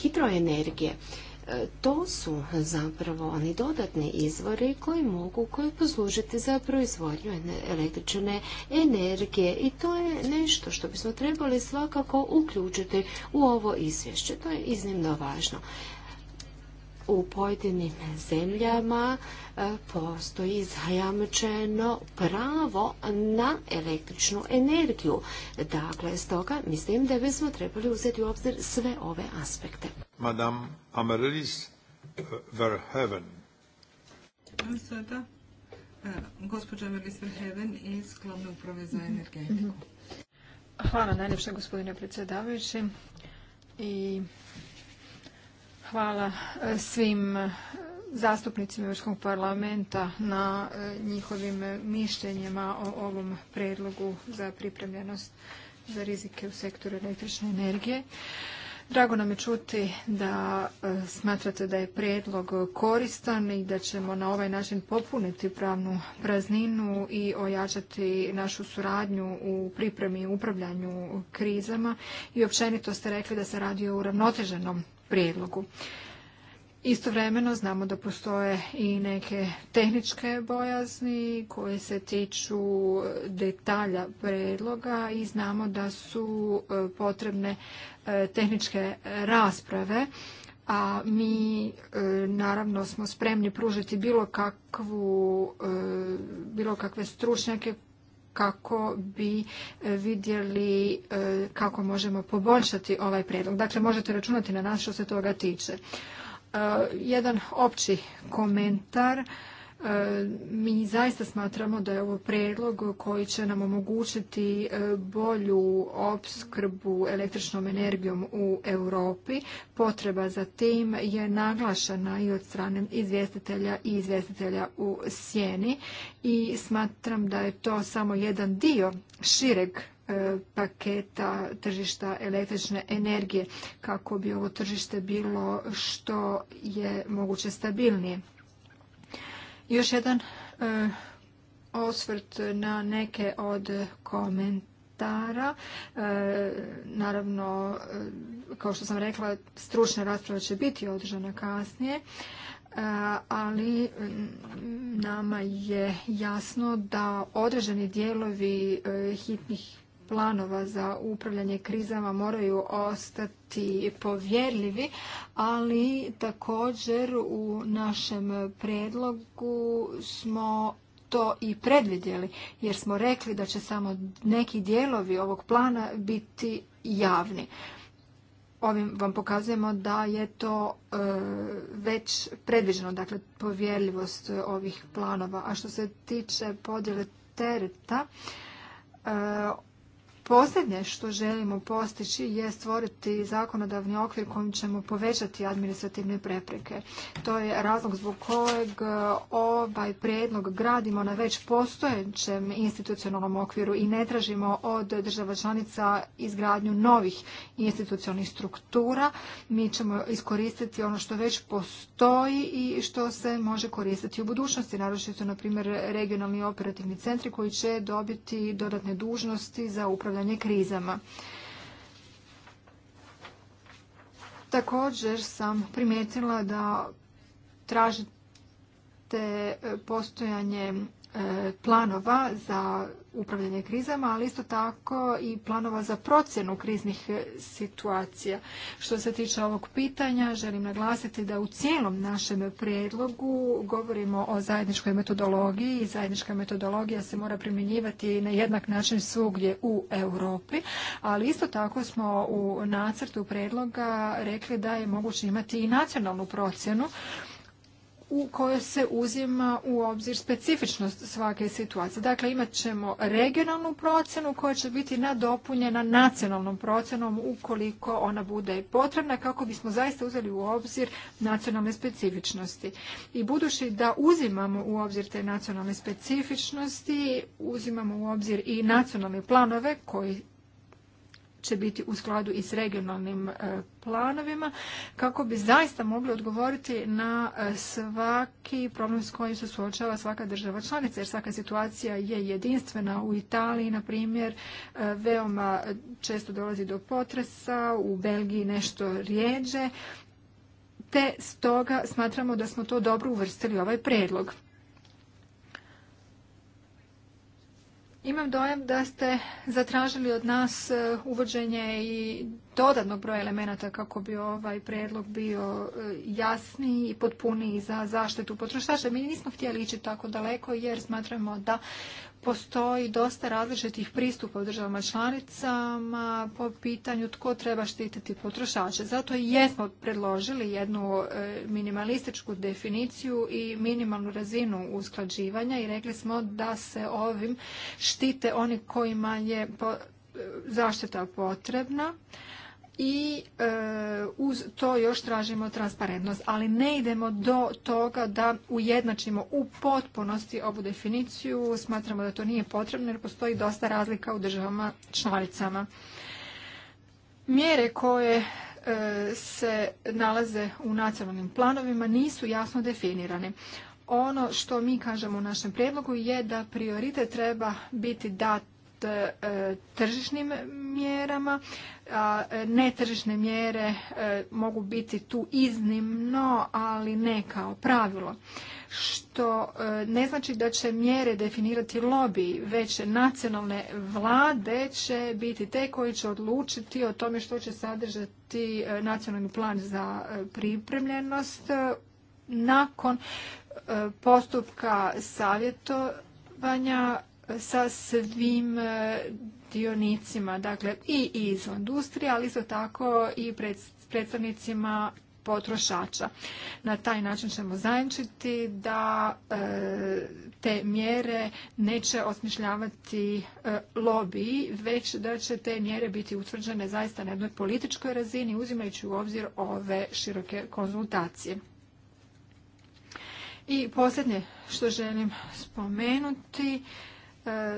A: hidroenergije. E, to su zapravo oni dodatni izvori koji mogu, koji poslužiti za proizvodnju električne energije i to je nešto što bismo trebali svakako uključiti u ovo izvješće. To je iznimno važno u pojedinim zemljama e, postoji zajamčeno pravo na električnu energiju. Dakle, stoga mislim da bismo trebali uzeti u obzir sve ove aspekte.
C: Madame Amaryllis e, Verheven.
B: Sada, e, gospođa Amaryllis Verheven iz Glavne uprave
C: za energetiku. Hvala najljepša gospodine predsjedavajući i Hvala e, svim e, zastupnicima Europskog parlamenta na e, njihovim mišljenjima o ovom predlogu za pripremljenost za rizike u sektoru električne energije. Drago nam je čuti da smatrate da je predlog koristan i da ćemo na ovaj način popuniti pravnu prazninu i ojačati našu suradnju u pripremi i upravljanju krizama. I općenito ste rekli da se radi o uravnoteženom prijedlogu. Istovremeno znamo da postoje i neke tehničke bojazni koje se tiču detalja predloga i znamo da su e, potrebne e, tehničke rasprave, a mi e, naravno smo spremni pružiti bilo kakvu bilo kakve stručnjake kako bi e, vidjeli e, kako možemo poboljšati ovaj prijedlog. Dakle, možete računati na nas što se toga tiče. E, jedan opći komentar E, mi zaista smatramo da je ovo predlog koji će nam omogućiti e, bolju opskrbu električnom energijom u Europi. Potreba za tim je naglašena i od strane izvjestitelja i izvjestitelja u sjeni i smatram da je to samo jedan dio šireg e, paketa tržišta električne energije kako bi ovo tržište bilo što je moguće stabilnije. Još jedan e, osvrt na neke od komentara. E, naravno, e, kao što sam rekla, stručna rasprava će biti održana kasnije ali nama je jasno da određeni dijelovi hitnih planova za upravljanje krizama moraju ostati povjerljivi, ali također u našem predlogu smo to i predvidjeli, jer smo rekli da će samo neki dijelovi ovog plana biti javni. Ovim vam pokazujemo da je to e, već predviđeno, dakle povjerljivost ovih planova. A što se tiče podjele tereta, e, Posljednje što želimo postići je stvoriti zakonodavni okvir kojim ćemo povećati administrativne prepreke. To je razlog zbog kojeg e, ovaj prijedlog gradimo na već postojećem institucionalnom okviru i ne tražimo od država članica izgradnju novih institucionalnih struktura. Mi ćemo iskoristiti ono što već postoji i što se može koristiti u budućnosti, su, na primjer regionalni operativni centri koji će dobiti dodatne dužnosti za upravljanje upravljanje krizama. Također sam primijetila da tražite postojanje E, planova za upravljanje krizama, ali isto tako i planova za procjenu kriznih situacija. Što se tiče ovog pitanja, želim naglasiti da u cijelom našem prijedlogu govorimo o zajedničkoj metodologiji i zajednička metodologija se mora primjenjivati na jednak način svugdje u Europi, ali isto tako smo u nacrtu prijedloga rekli da je moguće imati i nacionalnu procjenu u kojoj se uzima u obzir specifičnost svake situacije. Dakle, imat ćemo regionalnu procjenu koja će biti nadopunjena nacionalnom procenom ukoliko ona bude potrebna kako bismo zaista uzeli u obzir nacionalne specifičnosti. I budući da uzimamo u obzir te nacionalne specifičnosti, uzimamo u obzir i nacionalne planove koji će biti u skladu i s regionalnim e, planovima kako bi zaista mogli odgovoriti na e, svaki problem s kojim se suočava svaka država članica jer svaka situacija je jedinstvena. U Italiji, na primjer, e, veoma često dolazi do potresa, u Belgiji nešto rijeđe te stoga smatramo da smo to dobro uvrstili u ovaj predlog. Imam dojam da ste zatražili od nas e, uvođenje i dodatnog broja elemenata kako bi ovaj predlog bio e, jasniji i potpuniji za zaštitu potrošača. Mi nismo htjeli ići tako daleko jer smatramo da postoji dosta različitih pristupa u državama članicama po pitanju tko treba štititi potrošače. Zato i jesmo predložili jednu e, minimalističku definiciju i minimalnu razinu usklađivanja i rekli smo da se ovim štite oni kojima je e, zaštita potrebna i e, uz to još tražimo transparentnost, ali ne idemo do toga da ujednačimo u potpunosti ovu definiciju. Smatramo da to nije potrebno jer postoji dosta razlika u državama članicama. Mjere koje e, se nalaze u nacionalnim planovima nisu jasno definirane. Ono što mi kažemo u našem prijedlogu je da prioritet treba biti dat E, tržišnim mjerama. A netržišne mjere e, mogu biti tu iznimno, ali ne kao pravilo. Što e, ne znači da će mjere definirati lobby, već nacionalne vlade će biti te koji će odlučiti o tome što će sadržati nacionalni plan za pripremljenost nakon postupka savjetovanja sa svim e, dionicima, dakle i iz industrije, ali isto tako i predstavnicima potrošača. Na taj način ćemo zajemčiti da e, te mjere neće osmišljavati e, lobiji, već da će te mjere biti utvrđene zaista na jednoj političkoj razini, uzimajući u obzir ove široke konzultacije. I posljednje što želim spomenuti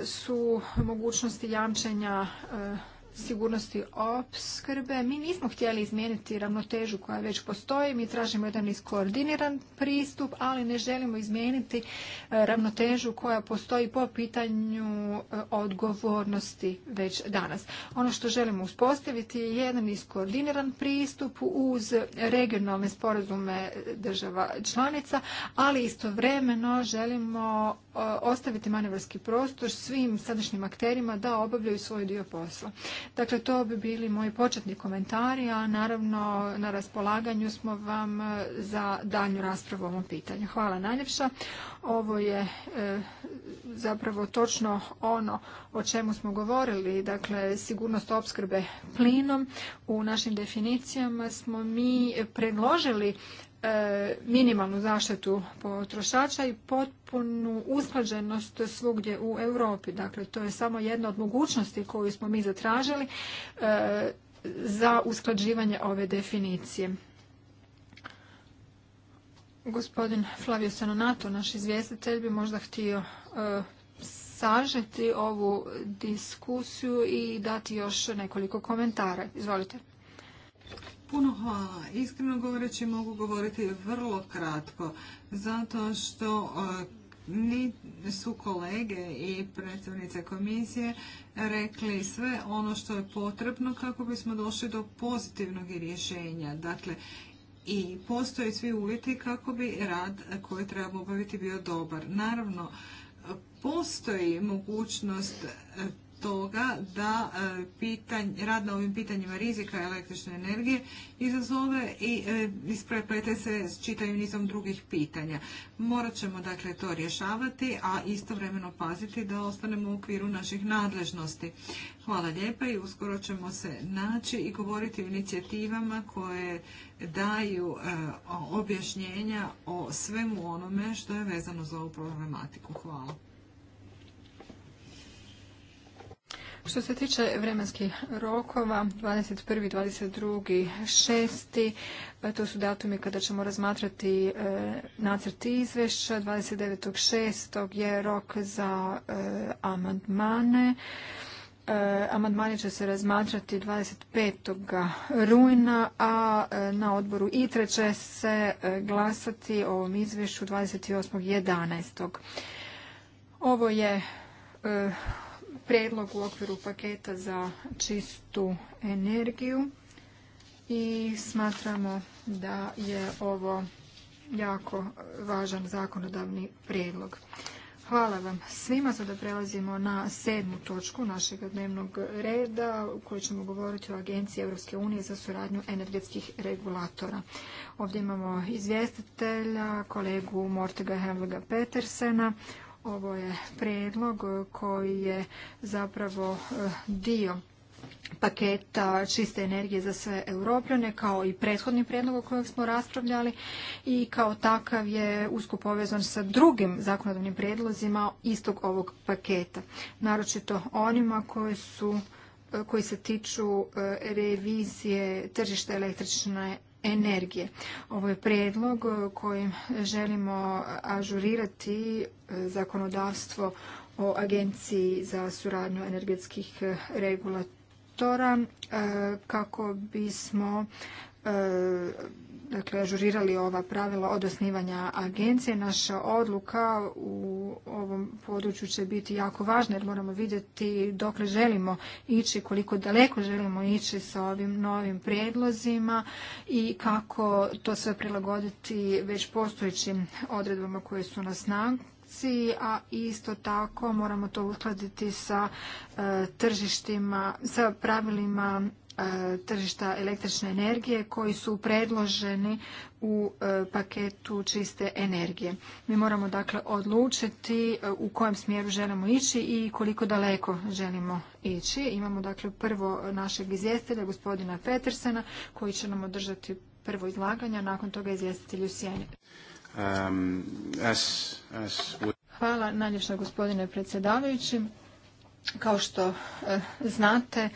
C: su mogućnosti jamčenja e, sigurnosti opskrbe. Mi nismo htjeli izmijeniti ravnotežu koja već postoji, mi tražimo jedan iskoordiniran pristup, ali ne želimo izmijeniti e, ravnotežu koja postoji po pitanju e, odgovornosti već danas. Ono što želimo uspostaviti je jedan iskoordiniran pristup uz regionalne sporazume država članica, ali istovremeno želimo e, ostaviti manevarski prostor svim sadašnjim akterima da obavljaju svoj dio posla. Dakle, to bi bili moji početni komentari, a naravno na raspolaganju smo vam e, za danju raspravu o ovom pitanju. Hvala najljepša. Ovo je e, zapravo točno ono o čemu smo govorili, dakle sigurnost opskrbe plinom. U našim definicijama smo mi predložili E, minimalnu zaštitu potrošača i potpunu usklađenost svugdje u Europi. Dakle, to je samo jedna od mogućnosti koju smo mi zatražili e, za usklađivanje ove definicije. Gospodin Flavio Sanonato, naš izvjestitelj, bi možda htio e, sažeti ovu diskusiju i dati još nekoliko komentara. Izvolite.
B: Puno hvala. Iskreno govoreći mogu govoriti vrlo kratko, zato što e, ni su kolege i predstavnice komisije rekli sve ono što je potrebno kako bismo došli do pozitivnog rješenja. Dakle, i postoje svi uvjeti kako bi rad koji trebamo obaviti bio dobar. Naravno, postoji mogućnost toga da e, rad na ovim pitanjima rizika električne energije izazove i e, ispreplete se s čitavim nizom drugih pitanja. Morat ćemo dakle to rješavati, a istovremeno paziti da ostanemo u okviru naših nadležnosti. Hvala lijepa i uskoro ćemo se naći i govoriti o inicijativama koje daju e, objašnjenja o svemu onome što je vezano za ovu problematiku. Hvala.
C: Što se tiče vremenskih rokova, 21. i 22. 6. to su datumi kada ćemo razmatrati e, nacrt izvješća, 6. je rok za e, amandmane. E, amandmani će se razmatrati 25. rujna, a na odboru ITRE će se glasati o ovom izvješću 11. Ovo je predlog u okviru paketa za čistu energiju i smatramo da je ovo jako važan zakonodavni predlog. Hvala vam svima. Sada prelazimo na sedmu točku našeg dnevnog reda u kojoj ćemo govoriti o Agenciji Europske unije za suradnju energetskih regulatora. Ovdje imamo izvjestitelja, kolegu Mortega Hemlega Petersena. Ovo je prijedlog koji je zapravo e, dio paketa čiste energije za sve europljane kao i prethodni prijedlog o kojem smo raspravljali i kao takav je usko povezan sa drugim zakonodavnim prijedlozima istog ovog paketa. Naročito onima koji su e, koji se tiču e, revizije tržišta električne energije. Ovo je predlog e, kojim želimo ažurirati e, zakonodavstvo o Agenciji za suradnju energetskih e, regulatora kako bismo dakle, ažurirali ova pravila od osnivanja agencije. Naša odluka u ovom području će biti jako važna jer moramo vidjeti dokle želimo ići, koliko daleko želimo ići sa ovim novim prijedlozima i kako to sve prilagoditi već postojećim odredbama koje su na snagu a isto tako moramo to uskladiti sa e, tržištima, sa pravilima E, tržišta električne energije koji su predloženi u e, paketu čiste energije. Mi moramo dakle odlučiti e, u kojem smjeru želimo ići i koliko daleko želimo ići. Imamo dakle prvo našeg izvjestitelja gospodina Petersena koji će nam održati prvo izlaganje, a nakon toga izvjestitelj u sjeni. Um, Hvala najljepša gospodine predsjedavajući. Kao što znate,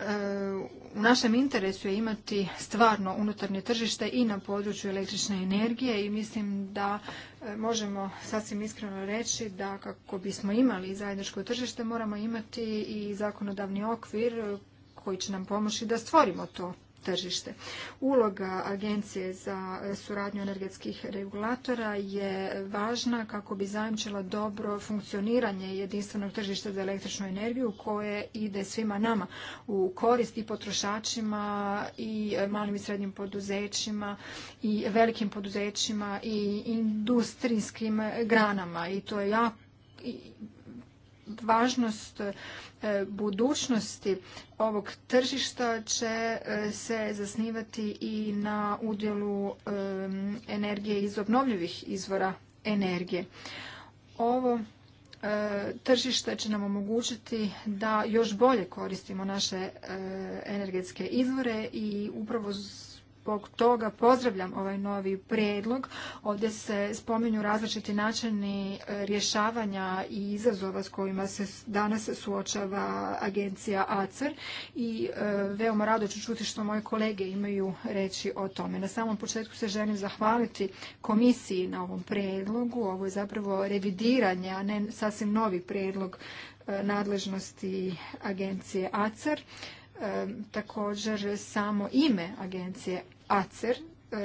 C: E, u našem interesu je imati stvarno unutarnje tržište i na području električne energije i mislim da e, možemo sasvim iskreno reći da kako bismo imali zajedničko tržište moramo imati i zakonodavni okvir koji će nam pomoći da stvorimo to tržište. Uloga Agencije za suradnju energetskih regulatora je važna kako bi zajamčila dobro funkcioniranje jedinstvenog tržišta za električnu energiju koje ide svima nama u korist i potrošačima i malim i srednjim poduzećima i velikim poduzećima i industrijskim granama i to je jako važnost e, budućnosti ovog tržišta će e, se zasnivati i na udjelu e, energije iz obnovljivih izvora energije. Ovo tržište će nam omogućiti da još bolje koristimo naše energetske izvore i upravo zbog toga pozdravljam ovaj novi predlog. Ovdje se spominju različiti načini e, rješavanja i izazova s kojima se danas suočava agencija ACER i e, veoma rado ću čuti što moje kolege imaju reći o tome. Na samom početku se želim zahvaliti komisiji na ovom predlogu. Ovo je zapravo revidiranje, a ne sasvim novi predlog e, nadležnosti agencije ACER također samo ime agencije ACER e,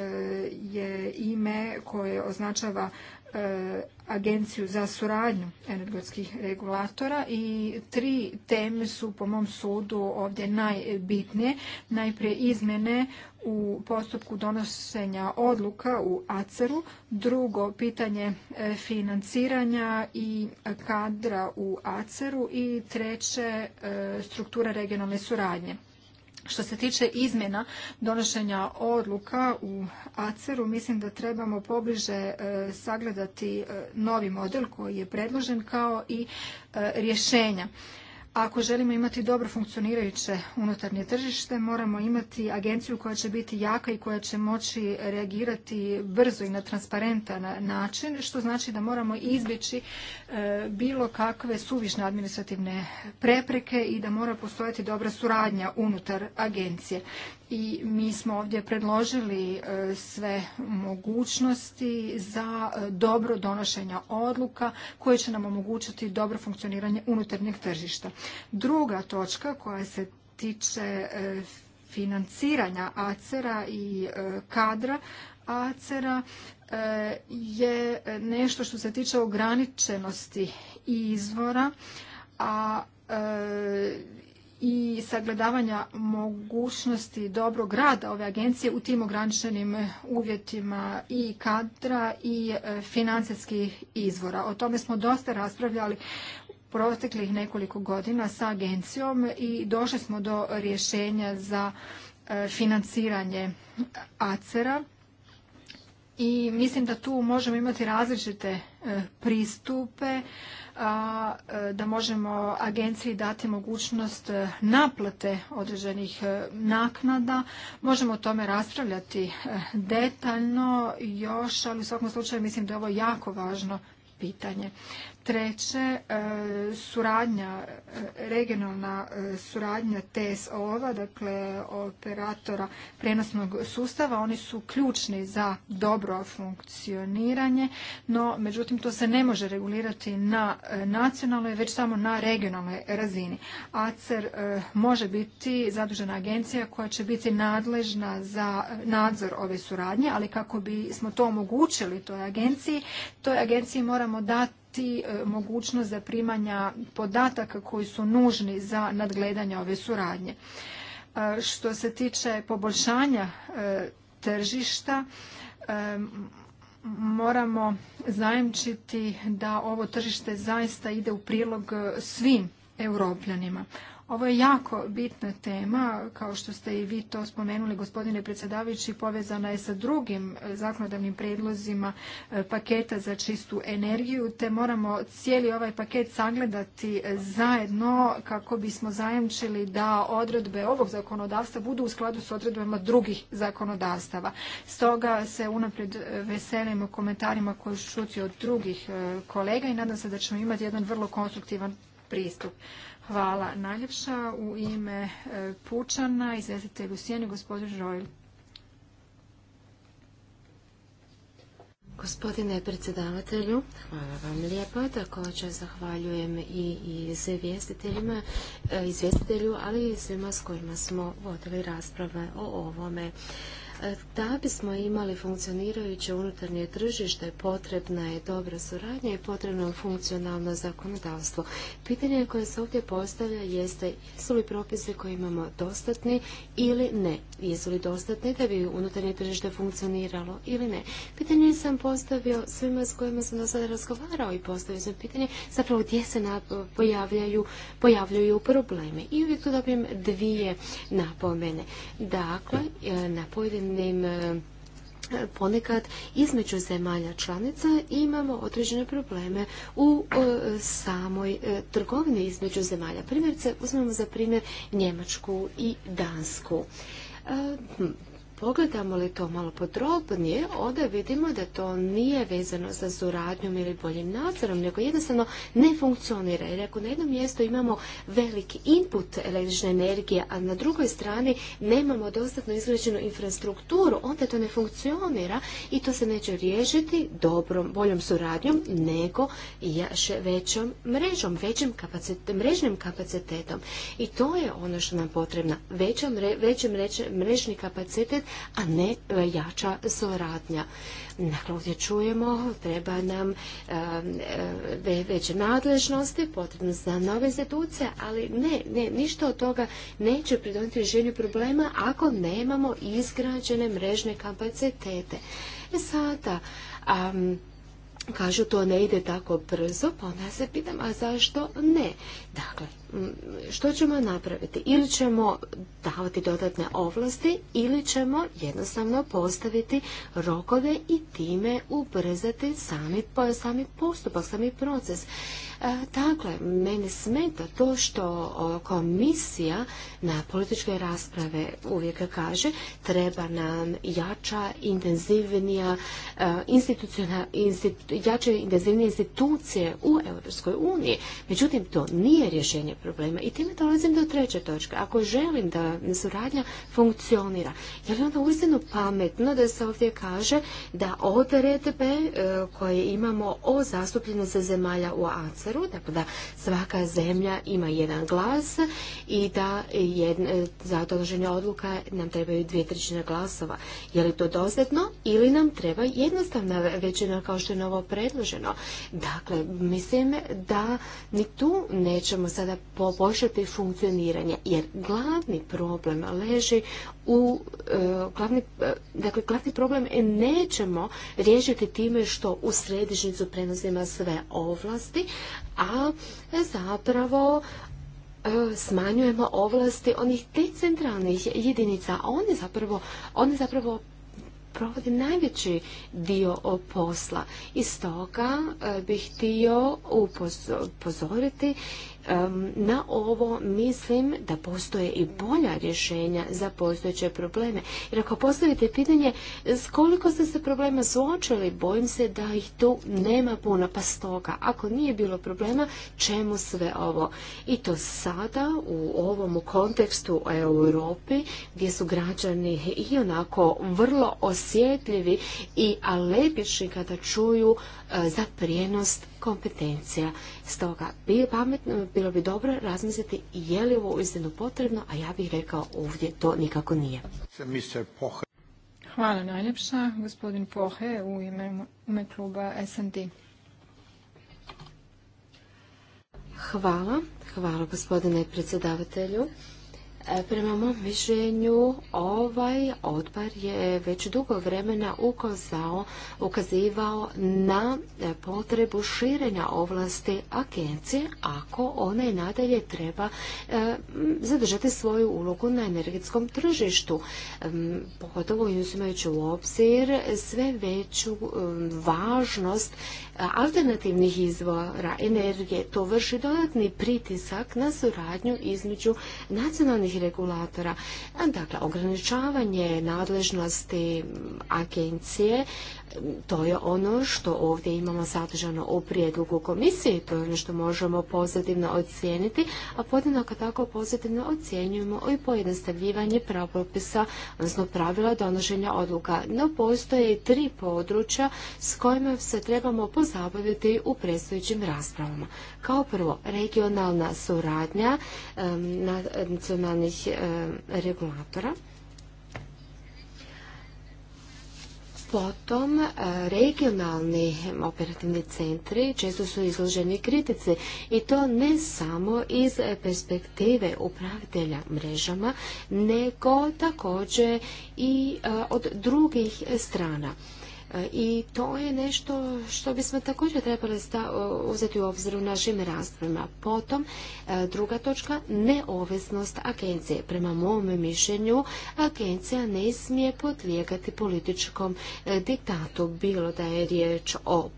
C: je ime koje označava E, Agenciju za suradnju energetskih regulatora i tri teme su po mom sudu ovdje najbitnije. Najprije izmjene u postupku donošenja odluka u ACER-u, drugo pitanje e, financiranja i kadra u ACER-u i treće e, struktura regionalne suradnje. Što se tiče izmjena donošenja odluka u ACER-u, mislim da trebamo pobliže e, sagledati e, novi model koji je predložen kao i e, rješenja ako želimo imati dobro funkcionirajuće unutarnje tržište, moramo imati agenciju koja će biti jaka i koja će moći reagirati brzo i na transparentan način, što znači da moramo izbjeći e, bilo kakve suvišne administrativne prepreke i da mora postojati dobra suradnja unutar agencije i mi smo ovdje predložili e, sve mogućnosti za e, dobro donošenja odluka koje će nam omogućiti dobro funkcioniranje unutarnjeg tržišta. Druga točka koja se tiče e, financiranja ACER-a i kadra ACER-a je nešto što se tiče ograničenosti izvora, a i sagledavanja mogućnosti dobrog rada ove agencije u tim ograničenim uvjetima i kadra i e, financijskih izvora. O tome smo dosta raspravljali proteklih nekoliko godina sa agencijom i došli smo do rješenja za e, financiranje ACER-a i mislim da tu možemo imati različite e, pristupe a e, da možemo agenciji dati mogućnost e, naplate određenih e, naknada. Možemo o tome raspravljati detaljno još, ali u svakom slučaju mislim da je ovo jako važno pitanje. Treće, e, suradnja, e, regionalna e, suradnja TSO-ova, dakle operatora prenosnog sustava, oni su ključni za dobro funkcioniranje, no međutim to se ne može regulirati na nacionalnoj, već samo na regionalnoj razini. ACER može biti zadužena agencija koja će biti nadležna za nadzor ove suradnje, ali kako bismo to omogućili toj agenciji, toj agenciji moramo dati dati e, mogućnost zaprimanja podataka koji su nužni za nadgledanje ove suradnje. E, što se tiče poboljšanja e, tržišta, moramo zajemčiti da ovo tržište zaista ide u prilog svim europljanima. Ovo je jako bitna tema, kao što ste i vi to spomenuli, gospodine predsjedavajući, povezana je sa drugim e, zakonodavnim predlozima e, paketa za čistu energiju, te moramo cijeli ovaj paket sagledati e, zajedno kako bismo zajamčili da odredbe ovog zakonodavstva budu u skladu s odredbama drugih zakonodavstava. Stoga se unaprijed veselim komentarima koje ću čuti od drugih kolega i nadam se da ćemo imati jedan vrlo konstruktivan pristup. Hvala najljepša. U ime e, Pučana, izvjestitelju u sjeni, gospodin Žojl. Gospodine predsjedavatelju,
A: hvala vam lijepo. Također zahvaljujem i izvjestiteljima, e, izvjestitelju, ali i svima s kojima smo vodili rasprave o ovome. Da bismo imali funkcionirajuće unutarnje tržište, potrebna je dobra suradnja i potrebno je funkcionalno zakonodavstvo. Pitanje koje se ovdje postavlja jeste jesu li propise koje imamo dostatni ili ne. Jesu li dostatni da bi unutarnje tržište funkcioniralo ili ne. Pitanje sam postavio svima s kojima sam do sada razgovarao i postavio sam pitanje zapravo gdje se pojavljaju, pojavljuju problemi. I uvijek tu dobijem dvije napomene. Dakle, na pojedinim međunarodnim e, ponekad između zemalja članica imamo određene probleme u e, samoj e, trgovini između zemalja. Primjerice, uzmemo za primjer Njemačku i Dansku. Hm, pogledamo li to malo podrobnije, onda vidimo da to nije vezano za suradnjom ili boljim nadzorom, nego jednostavno ne funkcionira. Jer ako na jednom mjestu imamo veliki input električne energije, a na drugoj strani nemamo dostatno izgrađenu infrastrukturu, onda to ne funkcionira i to se neće riješiti dobrom, boljom suradnjom, nego većom mrežom, većim mrežnim kapacitetom. I to je ono što nam potrebno. veća veći mrežni kapacitet a ne jača suradnja. Dakle, ovdje čujemo, treba nam veće nadležnosti, potrebno za nove institucije, ali ne, ne, ništa od toga neće pridoniti rješenju problema ako nemamo izgrađene mrežne kapacitete. E sada, kažu to ne ide tako brzo, pa onda se pitam, a zašto ne? Dakle, što ćemo napraviti? Ili ćemo davati dodatne ovlasti ili ćemo jednostavno postaviti rokove i time ubrzati sami, sami postupak, sami proces. E, dakle, mene smeta to što komisija na političke rasprave uvijek kaže treba nam jača, intenzivnija e, institucionalna, jače, intenzivnije institucije u Europskoj uniji. Međutim, to nije rješenje problema. I time dolazim do treće točke. Ako želim da suradnja funkcionira, je li onda uistinu pametno da se ovdje kaže da odredbe e, koje imamo o zastupljenosti zemalja u ACER-u, dakle da svaka zemlja ima jedan glas i da za odloženje odluka nam trebaju dvije trećine glasova. Je li to dozadno ili nam treba jednostavna većina kao što je novo predloženo? Dakle, mislim da ni tu neće ćemo sada poboljšati funkcioniranje, jer glavni problem leži u e, glavni, e, dakle glavni problem nećemo riješiti time što u središnicu prenosimo sve ovlasti, a zapravo e, smanjujemo ovlasti onih decentralnih jedinica, Oni zapravo, oni zapravo provodi najveći dio posla. I stoga bih htio upozoriti na ovo mislim da postoje i bolja rješenja za postojeće probleme. Jer ako postavite pitanje s koliko ste se problema suočili, bojim se da ih tu nema puno. Pa stoga, ako nije bilo problema, čemu sve ovo? I to sada u ovom kontekstu u Europi gdje su građani i onako vrlo osjetljivi i alergični kada čuju E, za prijenost kompetencija. Stoga, pametno, bilo bi dobro razmisliti je li ovo uistinu potrebno, a ja bih rekao ovdje to nikako nije.
C: Hvala najljepša, gospodin Pohe u ime, kluba SND.
A: Hvala, hvala gospodine predsjedavatelju. E, prema mom mišljenju, ovaj odbar je već dugo vremena ukazao, ukazivao na e, potrebu širenja ovlasti agencije ako ona i nadalje treba e, zadržati svoju ulogu na energetskom tržištu. pogotovo uzimajući u obzir sve veću važnost alternativnih izvora energije, to vrši dodatni pritisak na suradnju između nacionalnih regulatora. Dakle, ograničavanje nadležnosti agencije, to je ono što ovdje imamo sadržano u prijedlogu komisije, to je ono što možemo pozitivno ocijeniti, a podjednako tako pozitivno ocjenjujemo i pojednostavljivanje pravopisa, odnosno pravila donošenja odluka. No, postoje tri područja s kojima se trebamo pozabaviti u predstojećim raspravama. Kao prvo, regionalna suradnja nacionalnih regulatora. Potom e, regionalni operativni centri često su izloženi kritici i to ne samo iz perspektive upravitelja mrežama, nego također i e, od drugih strana. E, I to je nešto što bismo također trebali uzeti u obzir u našim raspravama. Potom, e, druga točka, neovisnost agencije. Prema mom mišljenju, agencija ne smije podlijegati političkom e, diktatu, bilo da je riječ o,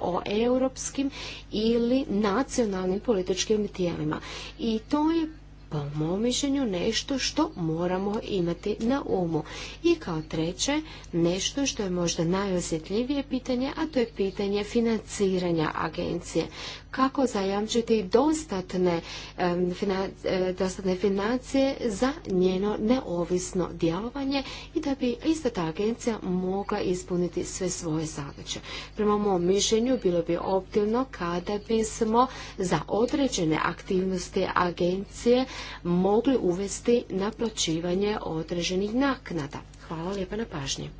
A: o europskim ili nacionalnim političkim tijelima. I to je po mom mišljenju nešto što moramo imati na umu. I kao treće, nešto što je možda najosjetljivije pitanje, a to je pitanje financiranja agencije. Kako zajamčiti dostatne, e, dostatne financije za njeno neovisno djelovanje i da bi ista ta agencija mogla ispuniti sve svoje zadaće. Prema mom mišljenju bilo bi optimno kada bismo za određene aktivnosti agencije mogli uvesti naplaćivanje određenih naknada. Hvala lijepa na
C: pažnji.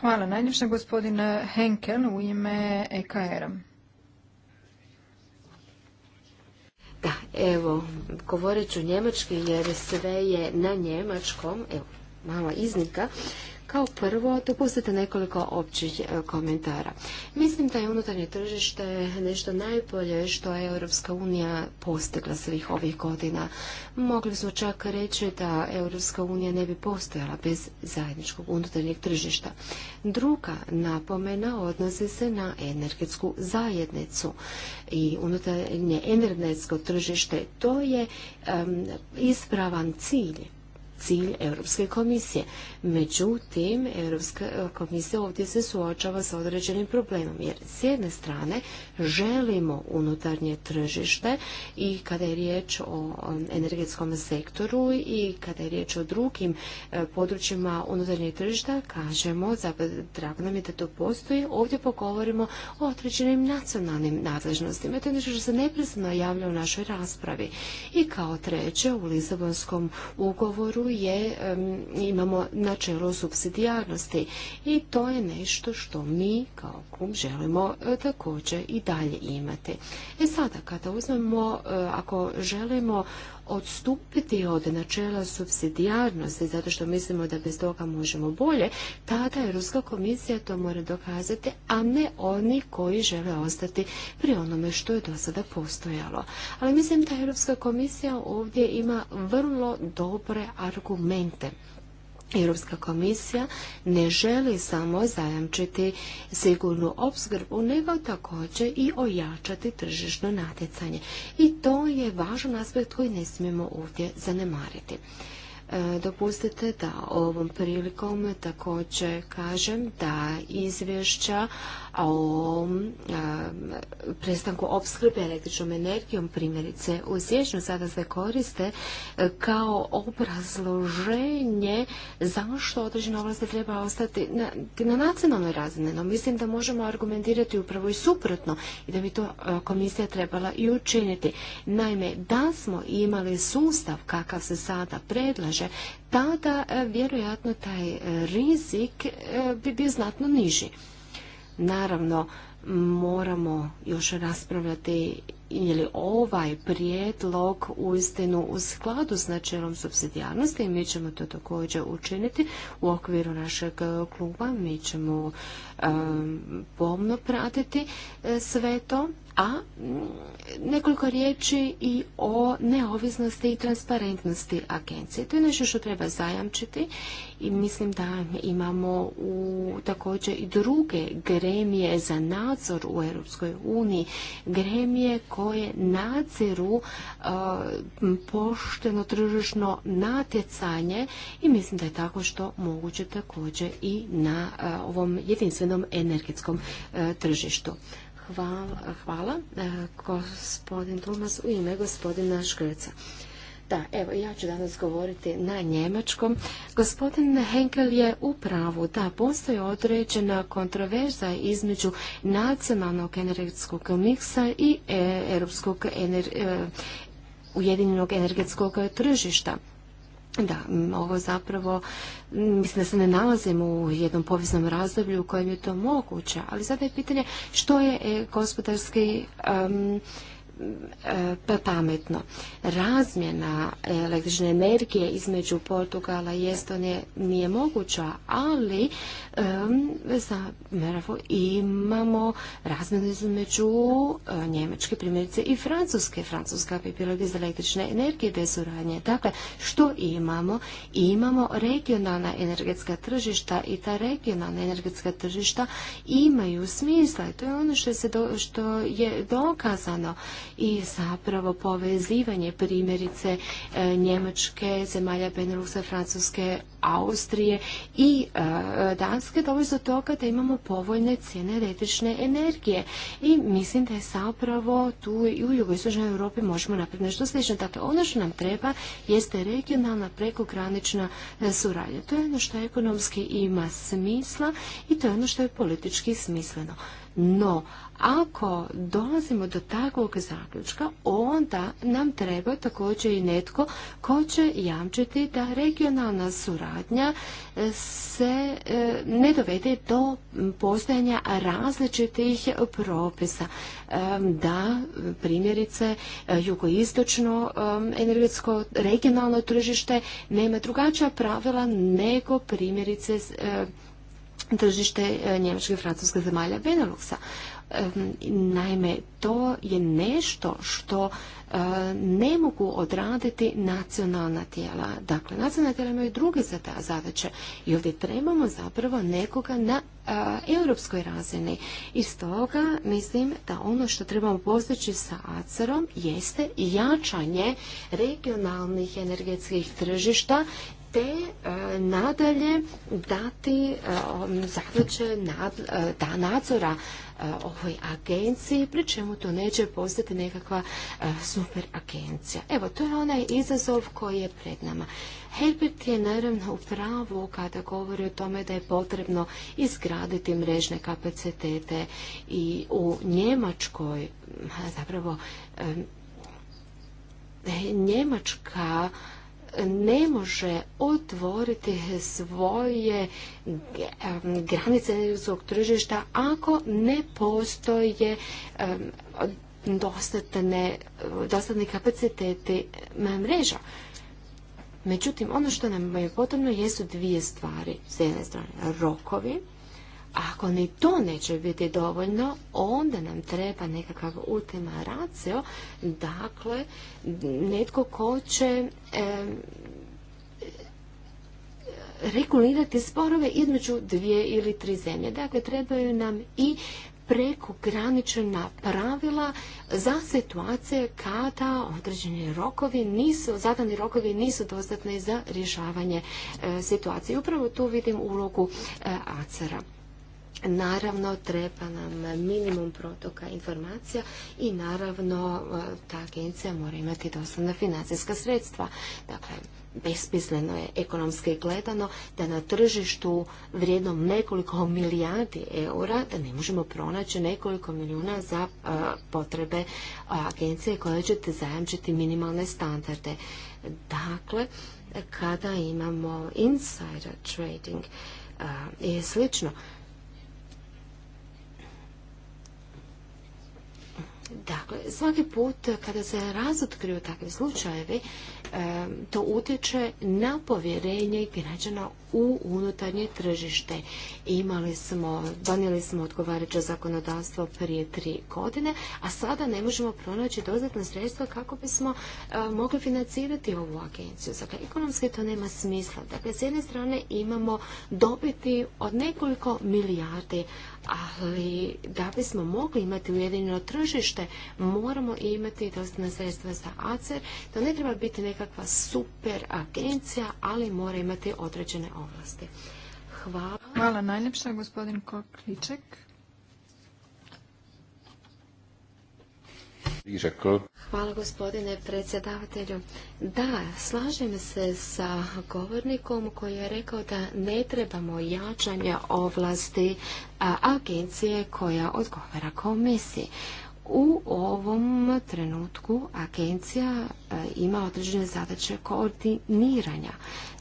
C: Hvala najljepša gospodin Henkel u ime EKR-a.
A: Da, evo, govorit ću njemački jer sve je na njemačkom, evo, mala iznika. Kao prvo, dopustite nekoliko općih e, komentara. Mislim da je unutarnje tržište nešto najbolje što je Europska unija postigla svih ovih godina. Mogli smo čak reći da Europska unija ne bi postojala bez zajedničkog unutarnjeg tržišta. Druga napomena odnosi se na energetsku zajednicu i unutarnje energetsko tržište. To je ispravan cilj cilj Europske komisije. Međutim, Europska komisija ovdje se suočava sa određenim problemom, jer s jedne strane želimo unutarnje tržište i kada je riječ o energetskom sektoru i kada je riječ o drugim e, područjima unutarnjeg tržišta, kažemo, drago nam je da to postoji, ovdje pogovorimo o određenim nacionalnim nadležnostima. To je nešto što se neprestano javlja u našoj raspravi. I kao treće, u Lisabonskom ugovoru je, imamo načelo subsidijarnosti i to je nešto što mi kao kum želimo e, također i dalje imati. E sada, kada uzmemo, e, ako želimo odstupiti od načela subsidijarnosti, zato što mislimo da bez toga možemo bolje, tada Ruska komisija to mora dokazati, a ne oni koji žele ostati pri onome što je do sada postojalo. Ali mislim da Europska komisija ovdje ima vrlo dobre argumente Europska komisija ne želi samo zajamčiti sigurnu opskrbu, nego također i ojačati tržišno natjecanje. I to je važan aspekt koji ne smijemo ovdje zanemariti. E, dopustite da ovom prilikom također kažem da izvješća o prestanku opskrbe električnom energijom, primjerice u siječnju sada se koriste e, kao obrazloženje zašto određene ovlasti treba ostati na, na nacionalnoj razine, No, mislim da možemo argumentirati upravo i suprotno i da bi to e, komisija trebala i učiniti. Naime, da smo imali sustav kakav se sada predlaže, tada e, vjerojatno taj rizik bi bio znatno niži. Naravno, moramo još raspravljati ili ovaj prijedlog uistinu u skladu s načelom subsidijarnosti i mi ćemo to također učiniti u okviru našeg e, kluba. Mi ćemo e, pomno pratiti e, sve to, a mm, nekoliko riječi i o neovisnosti i transparentnosti agencije. To je nešto što treba zajamčiti i mislim da imamo u također i druge gremije za nadzor u Europskoj uniji, gremije koje koje nadziru e, pošteno tržišno natjecanje i mislim da je tako što moguće također i na e, ovom jedinstvenom energetskom e, tržištu. Hvala, gospodin Tomas u ime gospodina Škrca. Da, evo, ja ću danas govoriti na njemačkom. Gospodin Henkel je u pravu da postoji određena kontroverza između nacionalnog energetskog miksa i e, europskog e, ujedinjenog energetskog tržišta. Da, ovo zapravo, mislim da se ne nalazimo u jednom povijesnom razdoblju u kojem je to moguće, ali sada je pitanje što je e, gospodarski pa pametno. Razmjena električne energije između Portugala i Estonije nije moguća, ali imamo razmjenu između e, Njemačke primjerice i Francuske. Francuska bi bilo iz električne energije bez suradnje. Dakle, što imamo? Imamo regionalna energetska tržišta i ta regionalna energetska tržišta imaju smisla i to je ono što je dokazano i zapravo povezivanje primjerice e, Njemačke, zemalja Beneluxa, Francuske, Austrije i e, Danske dovodi do toga da imamo povoljne cijene električne energije. I mislim da je zapravo tu i u jugoistočnoj Europi možemo napraviti nešto slično. Dakle, ono što nam treba jeste regionalna prekogranična e, suradnja. To je ono što ekonomski ima smisla i to je ono što je politički smisleno. No, ako dolazimo do takvog zaključka, onda nam treba također i netko ko će jamčiti da regionalna suradnja e, se e, ne dovede do postojanja različitih propisa. E, da, primjerice, jugoistočno energetsko regionalno tržište nema drugačija pravila nego primjerice tržište njemačke i francuske zemalja Beneluxa. Naime, to je nešto što e, ne mogu odraditi nacionalna tijela. Dakle, nacionalna tijela imaju druge za zadaće i ovdje trebamo zapravo nekoga na e, europskoj razini. I stoga mislim da ono što trebamo postići sa ACER-om jeste jačanje regionalnih energetskih tržišta te e, nadalje dati e, um, zadaće e, da nadzora ovoj agenciji, pri čemu to neće postati nekakva super agencija. Evo, to je onaj izazov koji je pred nama. Herbert je naravno u pravu kada govori o tome da je potrebno izgraditi mrežne kapacitete i u Njemačkoj zapravo Njemačka ne može otvoriti svoje granice energetskog tržišta ako ne postoje dostatne, kapaciteti kapacitete mreža. Međutim, ono što nam je potrebno jesu dvije stvari. S jedne strane rokovi, ako ni to neće biti dovoljno, onda nam treba nekakav ultima ratio, dakle, netko ko će regulirati sporove između dvije ili tri zemlje. Dakle, trebaju nam i prekogranična pravila za situacije kada određeni rokovi nisu, zadani rokovi nisu dostatni za rješavanje e, situacije. Upravo tu vidim ulogu e, ACER-a. Naravno, treba nam minimum protoka informacija i naravno e, ta agencija mora imati doslovna financijska sredstva. Dakle, besmisleno je ekonomski gledano da na tržištu vrijednom nekoliko milijardi eura da ne možemo pronaći nekoliko milijuna za e, potrebe agencije koje ćete zajamčiti minimalne standarde. Dakle, kada imamo insider trading e, i slično, Dakle, svaki put kada se razotkriju takvi slučajevi, to utječe na povjerenje građana u unutarnje tržište. Imali smo, donijeli smo odgovarajuće zakonodavstvo prije tri godine, a sada ne možemo pronaći dodatna sredstva kako bismo e, mogli financirati ovu agenciju. Dakle, ekonomski to nema smisla. Dakle, s jedne strane imamo dobiti od nekoliko milijardi, ali da bismo mogli imati ujedinjeno tržište, moramo imati dostatna sredstva za ACER. To ne treba biti nekakva super agencija, ali mora imati
C: određene ovlasti. Hvala. Hvala najljepša, gospodin Kokliček. Hvala
A: gospodine predsjedavatelju. Da, slažem se sa govornikom koji je rekao da ne trebamo jačanje ovlasti agencije koja odgovara komisiji. U ovom trenutku agencija e, ima određene zadaće koordiniranja.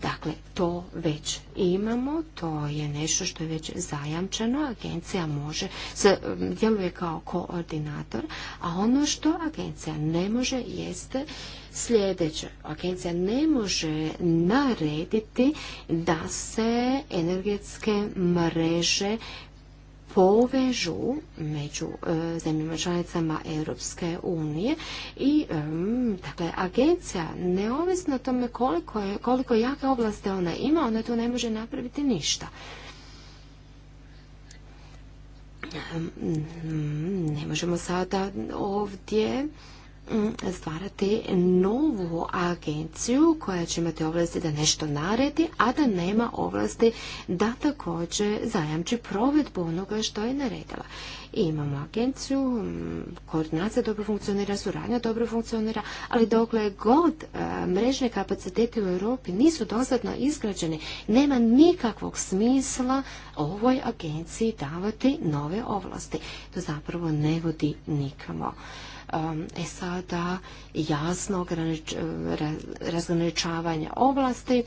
A: Dakle, to već imamo, to je nešto što je već zajamčeno, agencija može, e, djeluje kao koordinator, a ono što agencija ne može jeste sljedeće. Agencija ne može narediti da se energetske mreže povežu među e, zemljama članicama Europske unije i dakle agencija neovisno tome koliko, koliko jake oblasti ona ima, ona tu ne može napraviti ništa. Ne možemo sada ovdje Mm, stvarati novu agenciju koja će imati ovlasti da nešto naredi, a da nema ovlasti da također zajamči provedbu onoga što je naredila. I imamo agenciju, mm, koordinacija dobro funkcionira, suradnja dobro funkcionira, ali dokle god e, mrežne kapacitete u Europi nisu dosadno izgrađene, nema nikakvog smisla ovoj agenciji davati nove ovlasti. To zapravo ne vodi nikamo. E sada jasno razgraničavanje oblasti,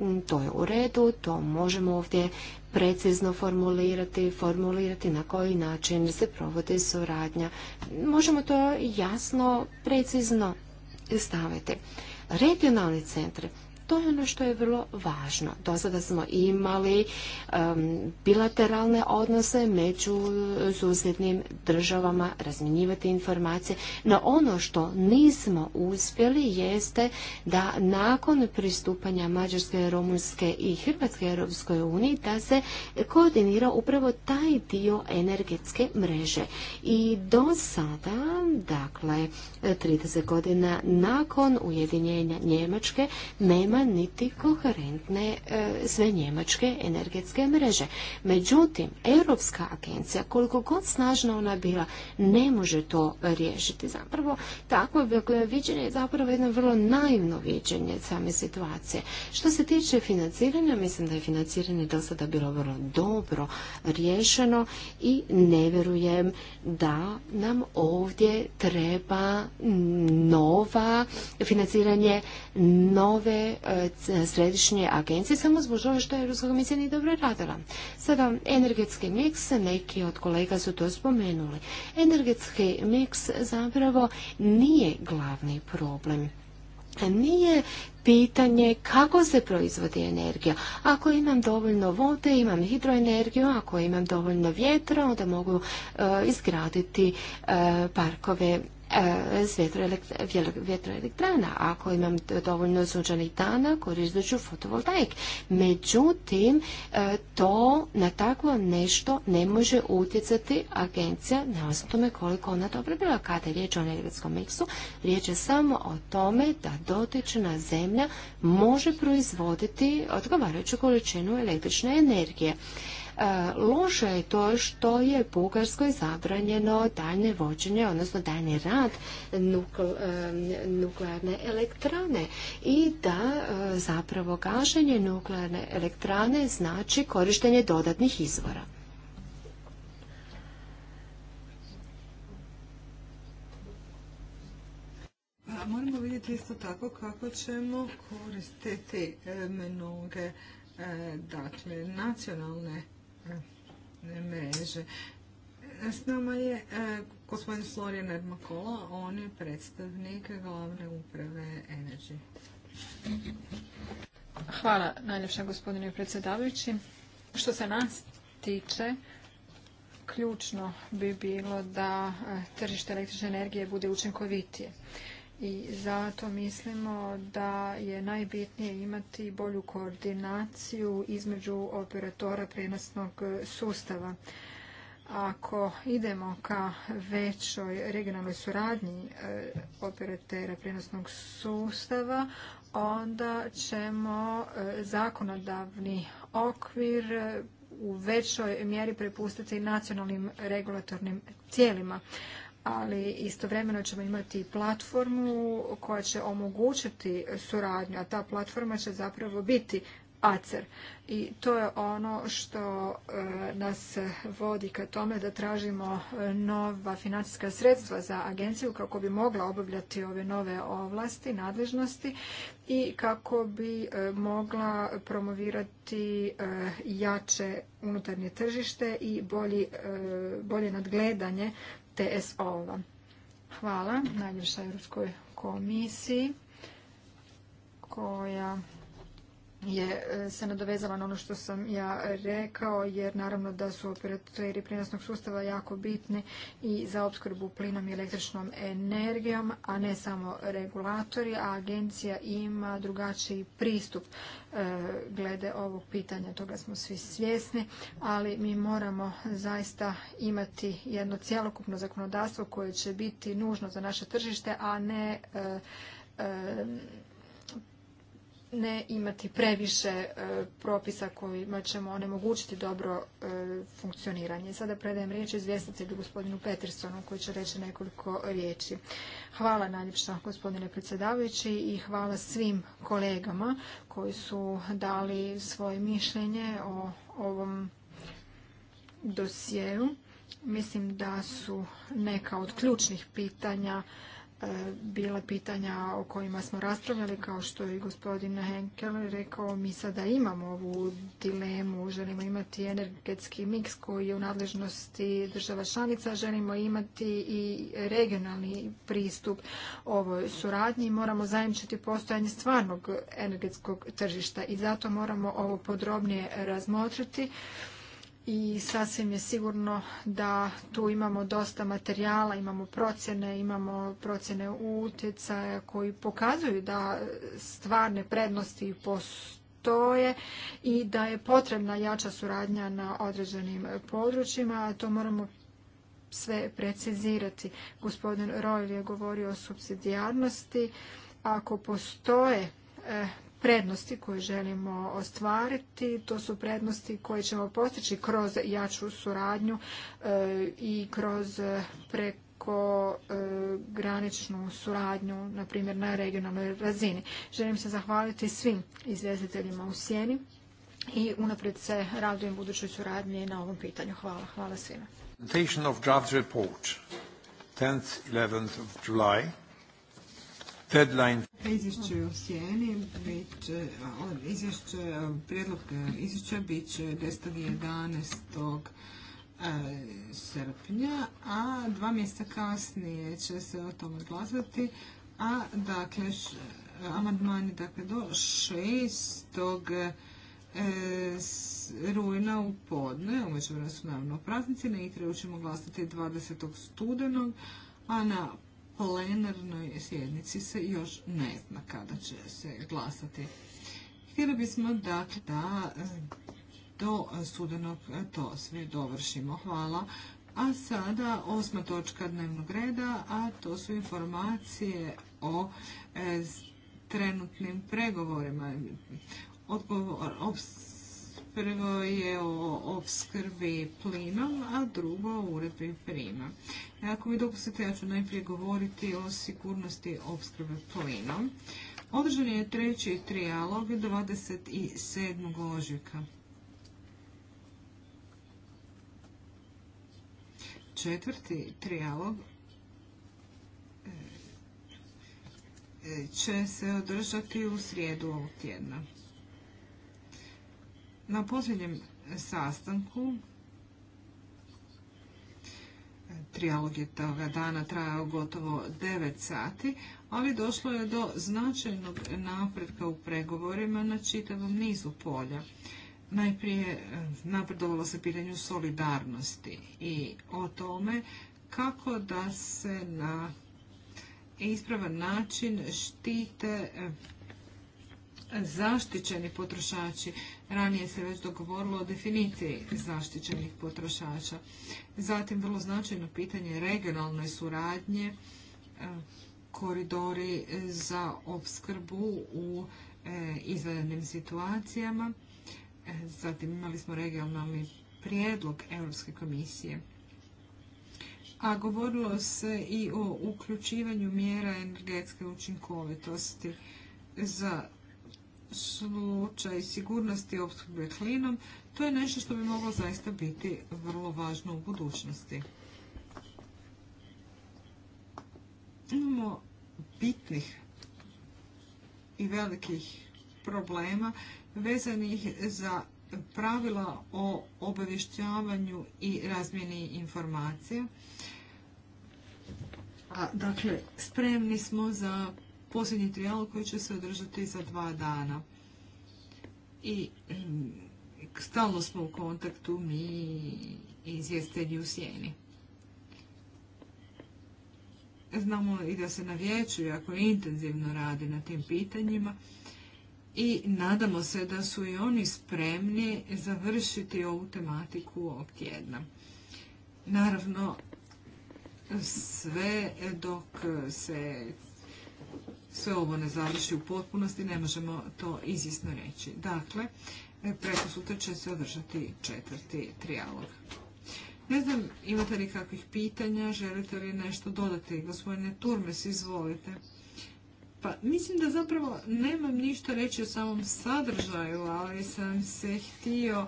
A: mm, to je u redu, to možemo ovdje precizno formulirati, formulirati na koji način se provodi suradnja. Možemo to jasno, precizno staviti. Regionalni centri, to je ono što je vrlo važno. Do sada smo imali bilateralne odnose među susjednim državama, razminjivati informacije. No ono što nismo uspjeli jeste da nakon pristupanja Mađarske, Rumunjske i Hrvatske Europskoj uniji da se koordinira upravo taj dio energetske mreže. I do sada, dakle, 30 godina nakon ujedinjenja Njemačke, nema nema niti koherentne e, sve njemačke energetske mreže. Međutim, Europska agencija, koliko god snažna ona bila, ne može to riješiti. Zapravo, takvo dakle, viđenje je zapravo jedno vrlo naivno viđenje same situacije. Što se tiče financiranja, mislim da je financiranje do sada bilo vrlo dobro riješeno i ne vjerujem da nam ovdje treba nova financiranje nove E, središnje agencije samo zbog toga što je Europska komisija nije dobro radila. Sada, energetski miks, neki od kolega su to spomenuli. Energetski miks zapravo nije glavni problem. Nije pitanje kako se proizvodi energija. Ako imam dovoljno vode, imam hidroenergiju, ako imam dovoljno vjetra, onda mogu e, izgraditi e, parkove s e, vjetroelektrana. Ako imam dovoljno sunčanih dana, koristit ću fotovoltaik. Međutim, e, to na takvo nešto ne može utjecati agencija na tome koliko ona dobro bila. Kada je riječ o energetskom miksu, riječ je samo o tome da dotična zemlja može proizvoditi odgovarajuću količinu električne energije. E, loše je to što je Bugarskoj zabranjeno daljne vođenje, odnosno daljni rad e, nuklearne elektrane i da e, zapravo gašenje nuklearne elektrane znači korištenje dodatnih izvora.
B: moramo vidjeti isto tako kako ćemo koristiti mnoge dakle, nacionalne mreže. S nama je e, gospodin Florian Ermakola, on je predstavnik glavne uprave Energy.
C: Hvala najljepša gospodine predsjedavajući. Što se nas tiče, ključno bi bilo da e, tržište električne energije bude učinkovitije i zato mislimo da je najbitnije imati bolju koordinaciju između operatora prenosnog sustava. Ako idemo ka većoj regionalnoj suradnji e, operatera prenosnog sustava, onda ćemo e, zakonodavni okvir e, u većoj mjeri prepustiti nacionalnim regulatornim tijelima ali istovremeno ćemo imati platformu koja će omogućiti suradnju, a ta platforma će zapravo biti ACER. I to je ono što e, nas vodi ka tome da tražimo e, nova financijska sredstva za agenciju kako bi mogla obavljati ove nove ovlasti, nadležnosti i kako bi e, mogla promovirati jače unutarnje tržište i bolje nadgledanje TSO-ova. Hvala najljepša Europskoj komisiji koja je e, se nadovezala na ono što sam ja rekao, jer naravno da su operatori prinosnog sustava jako bitni i za opskrbu plinom i električnom energijom, a ne samo regulatori, a agencija ima drugačiji pristup e, glede ovog pitanja, toga smo svi svjesni, ali mi moramo zaista imati jedno cjelokupno zakonodavstvo koje će biti nužno za naše tržište, a ne e, ne imati previše e, propisa kojima ćemo onemogućiti dobro e, funkcioniranje. Sada predajem riječ izvjestitelju gospodinu Petersonu koji će reći nekoliko riječi. Hvala najljepša gospodine predsjedavajući i hvala svim kolegama koji su dali svoje mišljenje o ovom dosjeu. Mislim da su neka od ključnih pitanja E, bila pitanja o kojima smo raspravljali, kao što je i gospodin Henkel rekao, mi sada imamo ovu dilemu, želimo imati energetski miks koji je u nadležnosti država članica, želimo imati i regionalni pristup ovoj suradnji, moramo zajemčiti postojanje stvarnog energetskog tržišta i zato moramo ovo podrobnije razmotriti i sasvim je sigurno da tu imamo dosta materijala, imamo procjene, imamo procjene utjecaja koji pokazuju da stvarne prednosti postoje i da je potrebna jača suradnja na određenim područjima, a to moramo sve precizirati. Gospodin Rojl je govorio o subsidijarnosti. Ako postoje eh, prednosti koje želimo ostvariti. To su prednosti koje ćemo postići kroz jaču suradnju e, i kroz e, preko e, graničnu suradnju, na primjer na regionalnoj razini. Želim se zahvaliti svim izvjestiteljima u Sjeni i unaprijed se radujem budućoj suradnji na ovom pitanju. Hvala. Hvala svima deadline.
B: Izvješće u sjeni, izvješće, prijedlog izvješća bit će 10.11. srpnja, a dva mjesta kasnije će se o tom odglasati, a dakle je dakle, do 6. E, rujna u podne, umeđu su naravno praznici, na itre ćemo glasati 20. studenog, a na plenarnoj sjednici se još ne zna kada će se glasati. Htjeli bismo dakle da e, do sudanog to sve dovršimo. Hvala. A sada osma točka dnevnog reda, a to su informacije o e, trenutnim pregovorima. Odgovor, Prvo je o opskrbi plinom, a drugo o uredbi prima. Ako mi dopustite, ja ću najprije govoriti o sigurnosti opskrbe plinom. Održan je treći trijalog 27. ožujka. Četvrti trijalog e, e, će se održati u srijedu ovog tjedna. Na posljednjem sastanku e, trijalog je toga dana trajao gotovo 9 sati, ali došlo je do značajnog napretka u pregovorima na čitavom nizu polja. Najprije e, napredovalo se pitanju solidarnosti i o tome kako da se na ispravan način štite e, zaštićeni potrošači. Ranije se već dogovorilo o definiciji zaštićenih potrošača. Zatim vrlo značajno pitanje regionalne suradnje, e, koridori za opskrbu u e, izvedenim situacijama. E, zatim imali smo regionalni prijedlog Europske komisije. A govorilo se i o uključivanju mjera energetske učinkovitosti za slučaj sigurnosti opskrbe klinom, to je nešto što bi moglo zaista biti vrlo važno u budućnosti. Imamo bitnih i velikih problema vezanih za pravila o obavještavanju i razmjeni informacija. A, dakle, spremni smo za posljednji trijal koji će se održati za dva dana. I stalno smo u kontaktu mi izvjestelji u sjeni. Znamo i da se na vijeću jako intenzivno radi na tim pitanjima i nadamo se da su i oni spremni završiti ovu tematiku ovog tjedna. Naravno, sve dok se sve ovo ne završi u potpunosti, ne možemo to izvjesno reći. Dakle, e, preko sutra će se održati četvrti trijalog. Ne znam, imate li kakvih pitanja, želite li nešto dodati? Gospodine Turmes, izvolite. Pa mislim da zapravo nemam ništa reći o samom sadržaju, ali sam se htio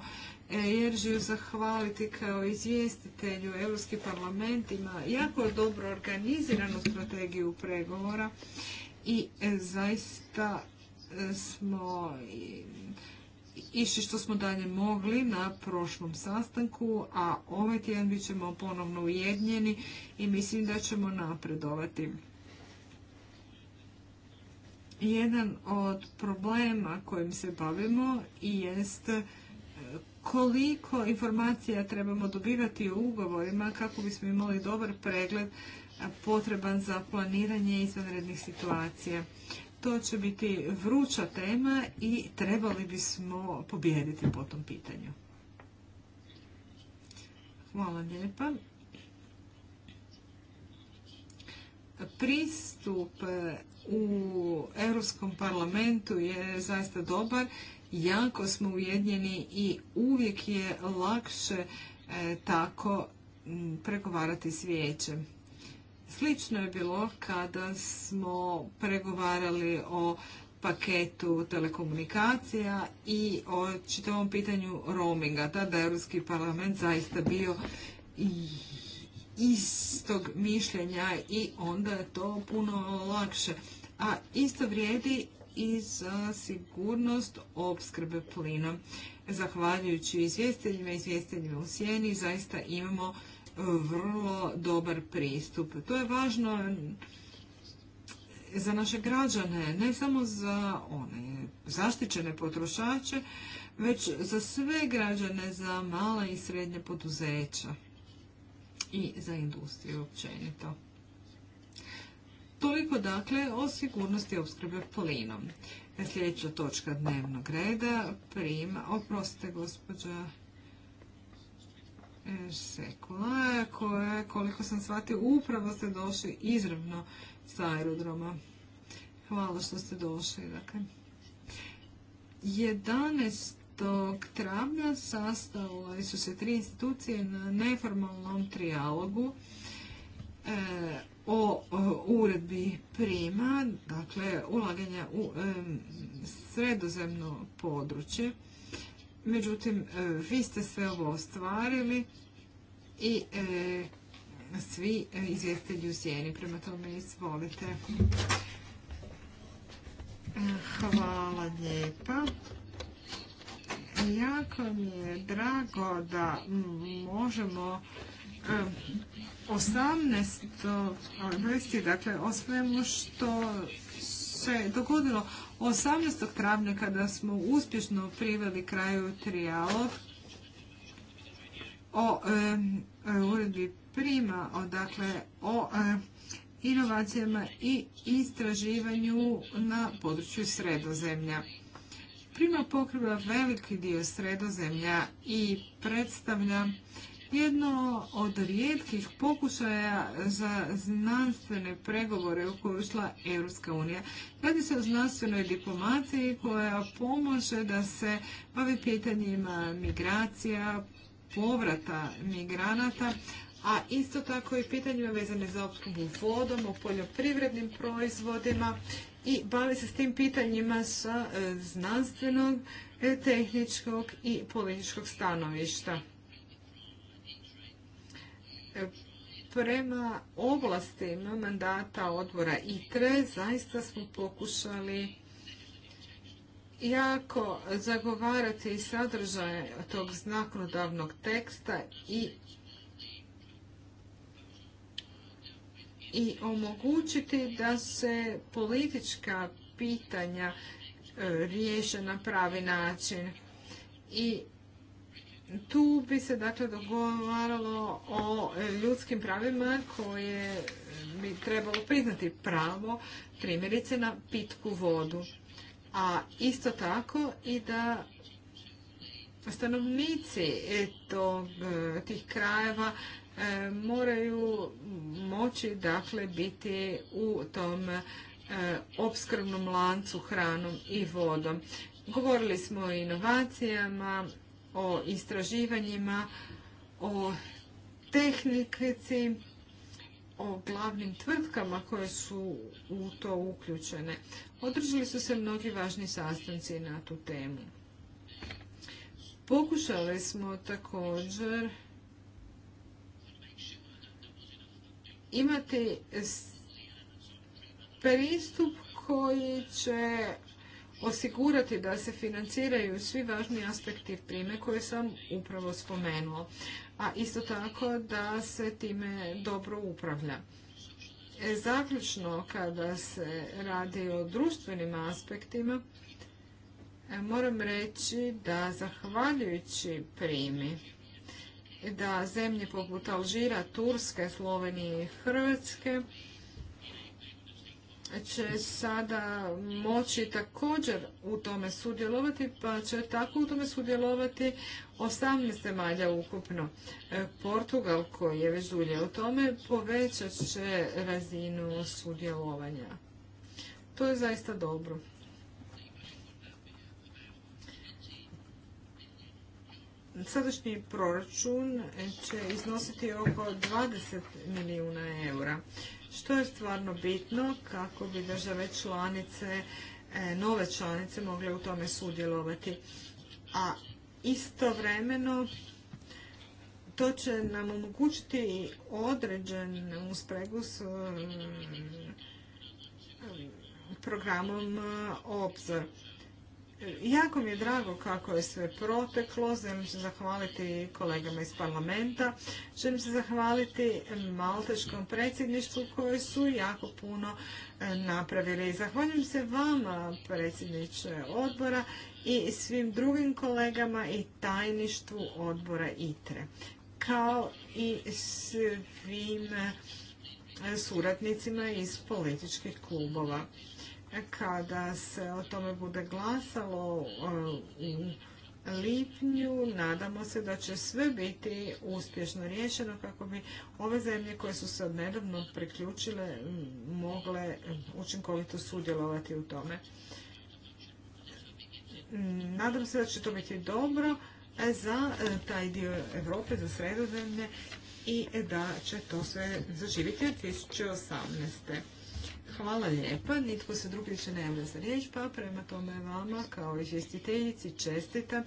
B: e, Jeržiju zahvaliti kao izvjestitelju Europski parlamentima jako dobro organiziranu strategiju pregovora i e, zaista e, smo išli što smo dalje mogli na prošlom sastanku, a ovaj tjedan bit ćemo ponovno ujednjeni i mislim da ćemo napredovati. Jedan od problema kojim se bavimo jest e, koliko informacija trebamo dobivati u ugovorima kako bismo imali dobar pregled potreban za planiranje izvanrednih situacija. To će biti vruća tema i trebali bismo pobijediti po tom pitanju. Hvala lijepa. Pristup e, u Europskom parlamentu je zaista dobar. Jako smo ujednjeni i uvijek je lakše e, tako pregovarati s vijećem. Slično je bilo kada smo pregovarali o paketu telekomunikacija i o čitavom pitanju roaminga. Tada je Europski parlament zaista bio istog mišljenja i onda je to puno lakše. A isto vrijedi i za sigurnost opskrbe plinom. Zahvaljujući izvjestiteljima i izvjestiteljima u sjeni zaista imamo vrlo dobar pristup. To je važno za naše građane, ne samo za one zaštićene potrošače, već za sve građane, za mala i srednje poduzeća i za industriju općenito. Toliko dakle o sigurnosti opskrbe Polinom Sljedeća točka dnevnog reda, prima, oprostite gospođa Sekula, koje, koliko sam shvatio, upravo ste došli izravno sa aerodroma. Hvala što ste došli. Dakle. 11. travnja sastavili su se tri institucije na neformalnom trijalogu e, o, uredbi prima, dakle ulaganja u sredozemno područje Međutim, e, vi ste sve ovo ostvarili i e, svi e, izvjestelji u sjeni. Prema tome, izvolite. Hvala lijepa. Jako mi je drago da možemo 18. dakle, o svemu što se dogodilo 18. travnja kada smo uspješno priveli kraju trijalog o uredbi prima, odakle o inovacijama i istraživanju na području sredozemlja. Prima pokriva veliki dio sredozemlja i predstavlja jedno od rijetkih pokušaja za znanstvene pregovore u koju šla Europska unija. Radi se o znanstvenoj diplomaciji koja pomaže da se bavi pitanjima migracija, povrata migranata, a isto tako i pitanjima vezane za opskrbu vodom, o poljoprivrednim proizvodima i bavi se s tim pitanjima sa e, znanstvenog, e, tehničkog i političkog stanovišta. E, prema ovlastima mandata odbora ITRE zaista smo pokušali jako zagovarati sadržaj tog znakodavnog teksta i i omogućiti da se politička pitanja e, riješe na pravi način. I tu bi se dakle dogovaralo o e, ljudskim pravima koje bi trebalo priznati pravo primjerice na pitku vodu. A isto tako i da stanovnici e, e, tih krajeva moraju moći dakle biti u tom opskrbnom lancu hranom i vodom. Govorili smo o inovacijama, o istraživanjima, o tehnici, o glavnim tvrtkama koje su u to uključene. Održili su se mnogi važni sastanci na tu temu. Pokušali smo također imati pristup koji će osigurati da se financiraju svi važni aspekti prime koje sam upravo spomenuo, a isto tako da se time dobro upravlja. E, zaključno, kada se radi o društvenim aspektima, e, moram reći da zahvaljujući primi, da zemlje poput Alžira, Turske, Slovenije i Hrvatske će sada moći također u tome sudjelovati, pa će tako u tome sudjelovati 18 zemalja ukupno. E, Portugal, koji je već dulje u tome, povećat će razinu sudjelovanja. To je zaista dobro. Sadašnji proračun će iznositi oko 20 milijuna eura što je stvarno bitno kako bi države članice, e, nove članice mogle u tome sudjelovati. A istovremeno to će nam omogućiti i određen uspregu s e, programom e, Obzor. Jako mi je drago kako je sve proteklo. Želim se zahvaliti kolegama iz parlamenta. Želim se zahvaliti malteškom predsjedništvu koje su jako puno e, napravili. Zahvaljujem se vama, predsjedniče odbora i svim drugim kolegama i tajništvu odbora ITRE. Kao i svim e, suradnicima iz političkih klubova kada se o tome bude glasalo e, u lipnju. Nadamo se da će sve biti uspješno riješeno kako bi ove zemlje koje su se odnedavno priključile mogle e, učinkovito sudjelovati u tome. Nadam se da će to biti dobro e, za taj dio Europe, za sredozemlje i da će to sve zaživiti 2018. Hvala lijepa. Nitko se drugi više ne javlja za riječ, pa prema tome vama kao izvjestiteljici čestitam.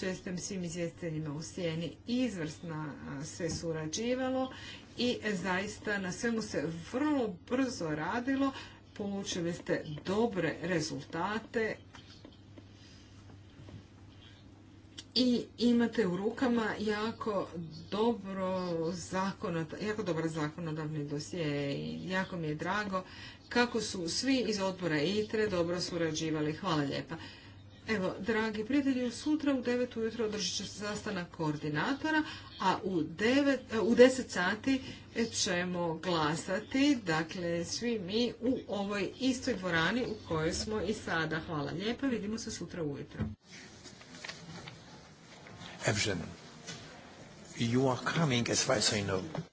B: Čestitam svim izvjestiteljima u sjeni. Izvrsna se surađivalo i zaista na svemu se vrlo brzo radilo. Polučili ste dobre rezultate i imate u rukama jako dobro zakona, jako dobar zakonodavni dosje i jako mi je drago kako su svi iz odbora ITRE dobro surađivali. Hvala lijepa. Evo, dragi prijatelji, sutra u 9 ujutro održit će se sastanak koordinatora, a u, 9, e, u 10 sati ćemo glasati, dakle, svi mi u ovoj istoj dvorani u kojoj smo i sada. Hvala lijepa, vidimo se sutra ujutro.
C: Evžen, coming as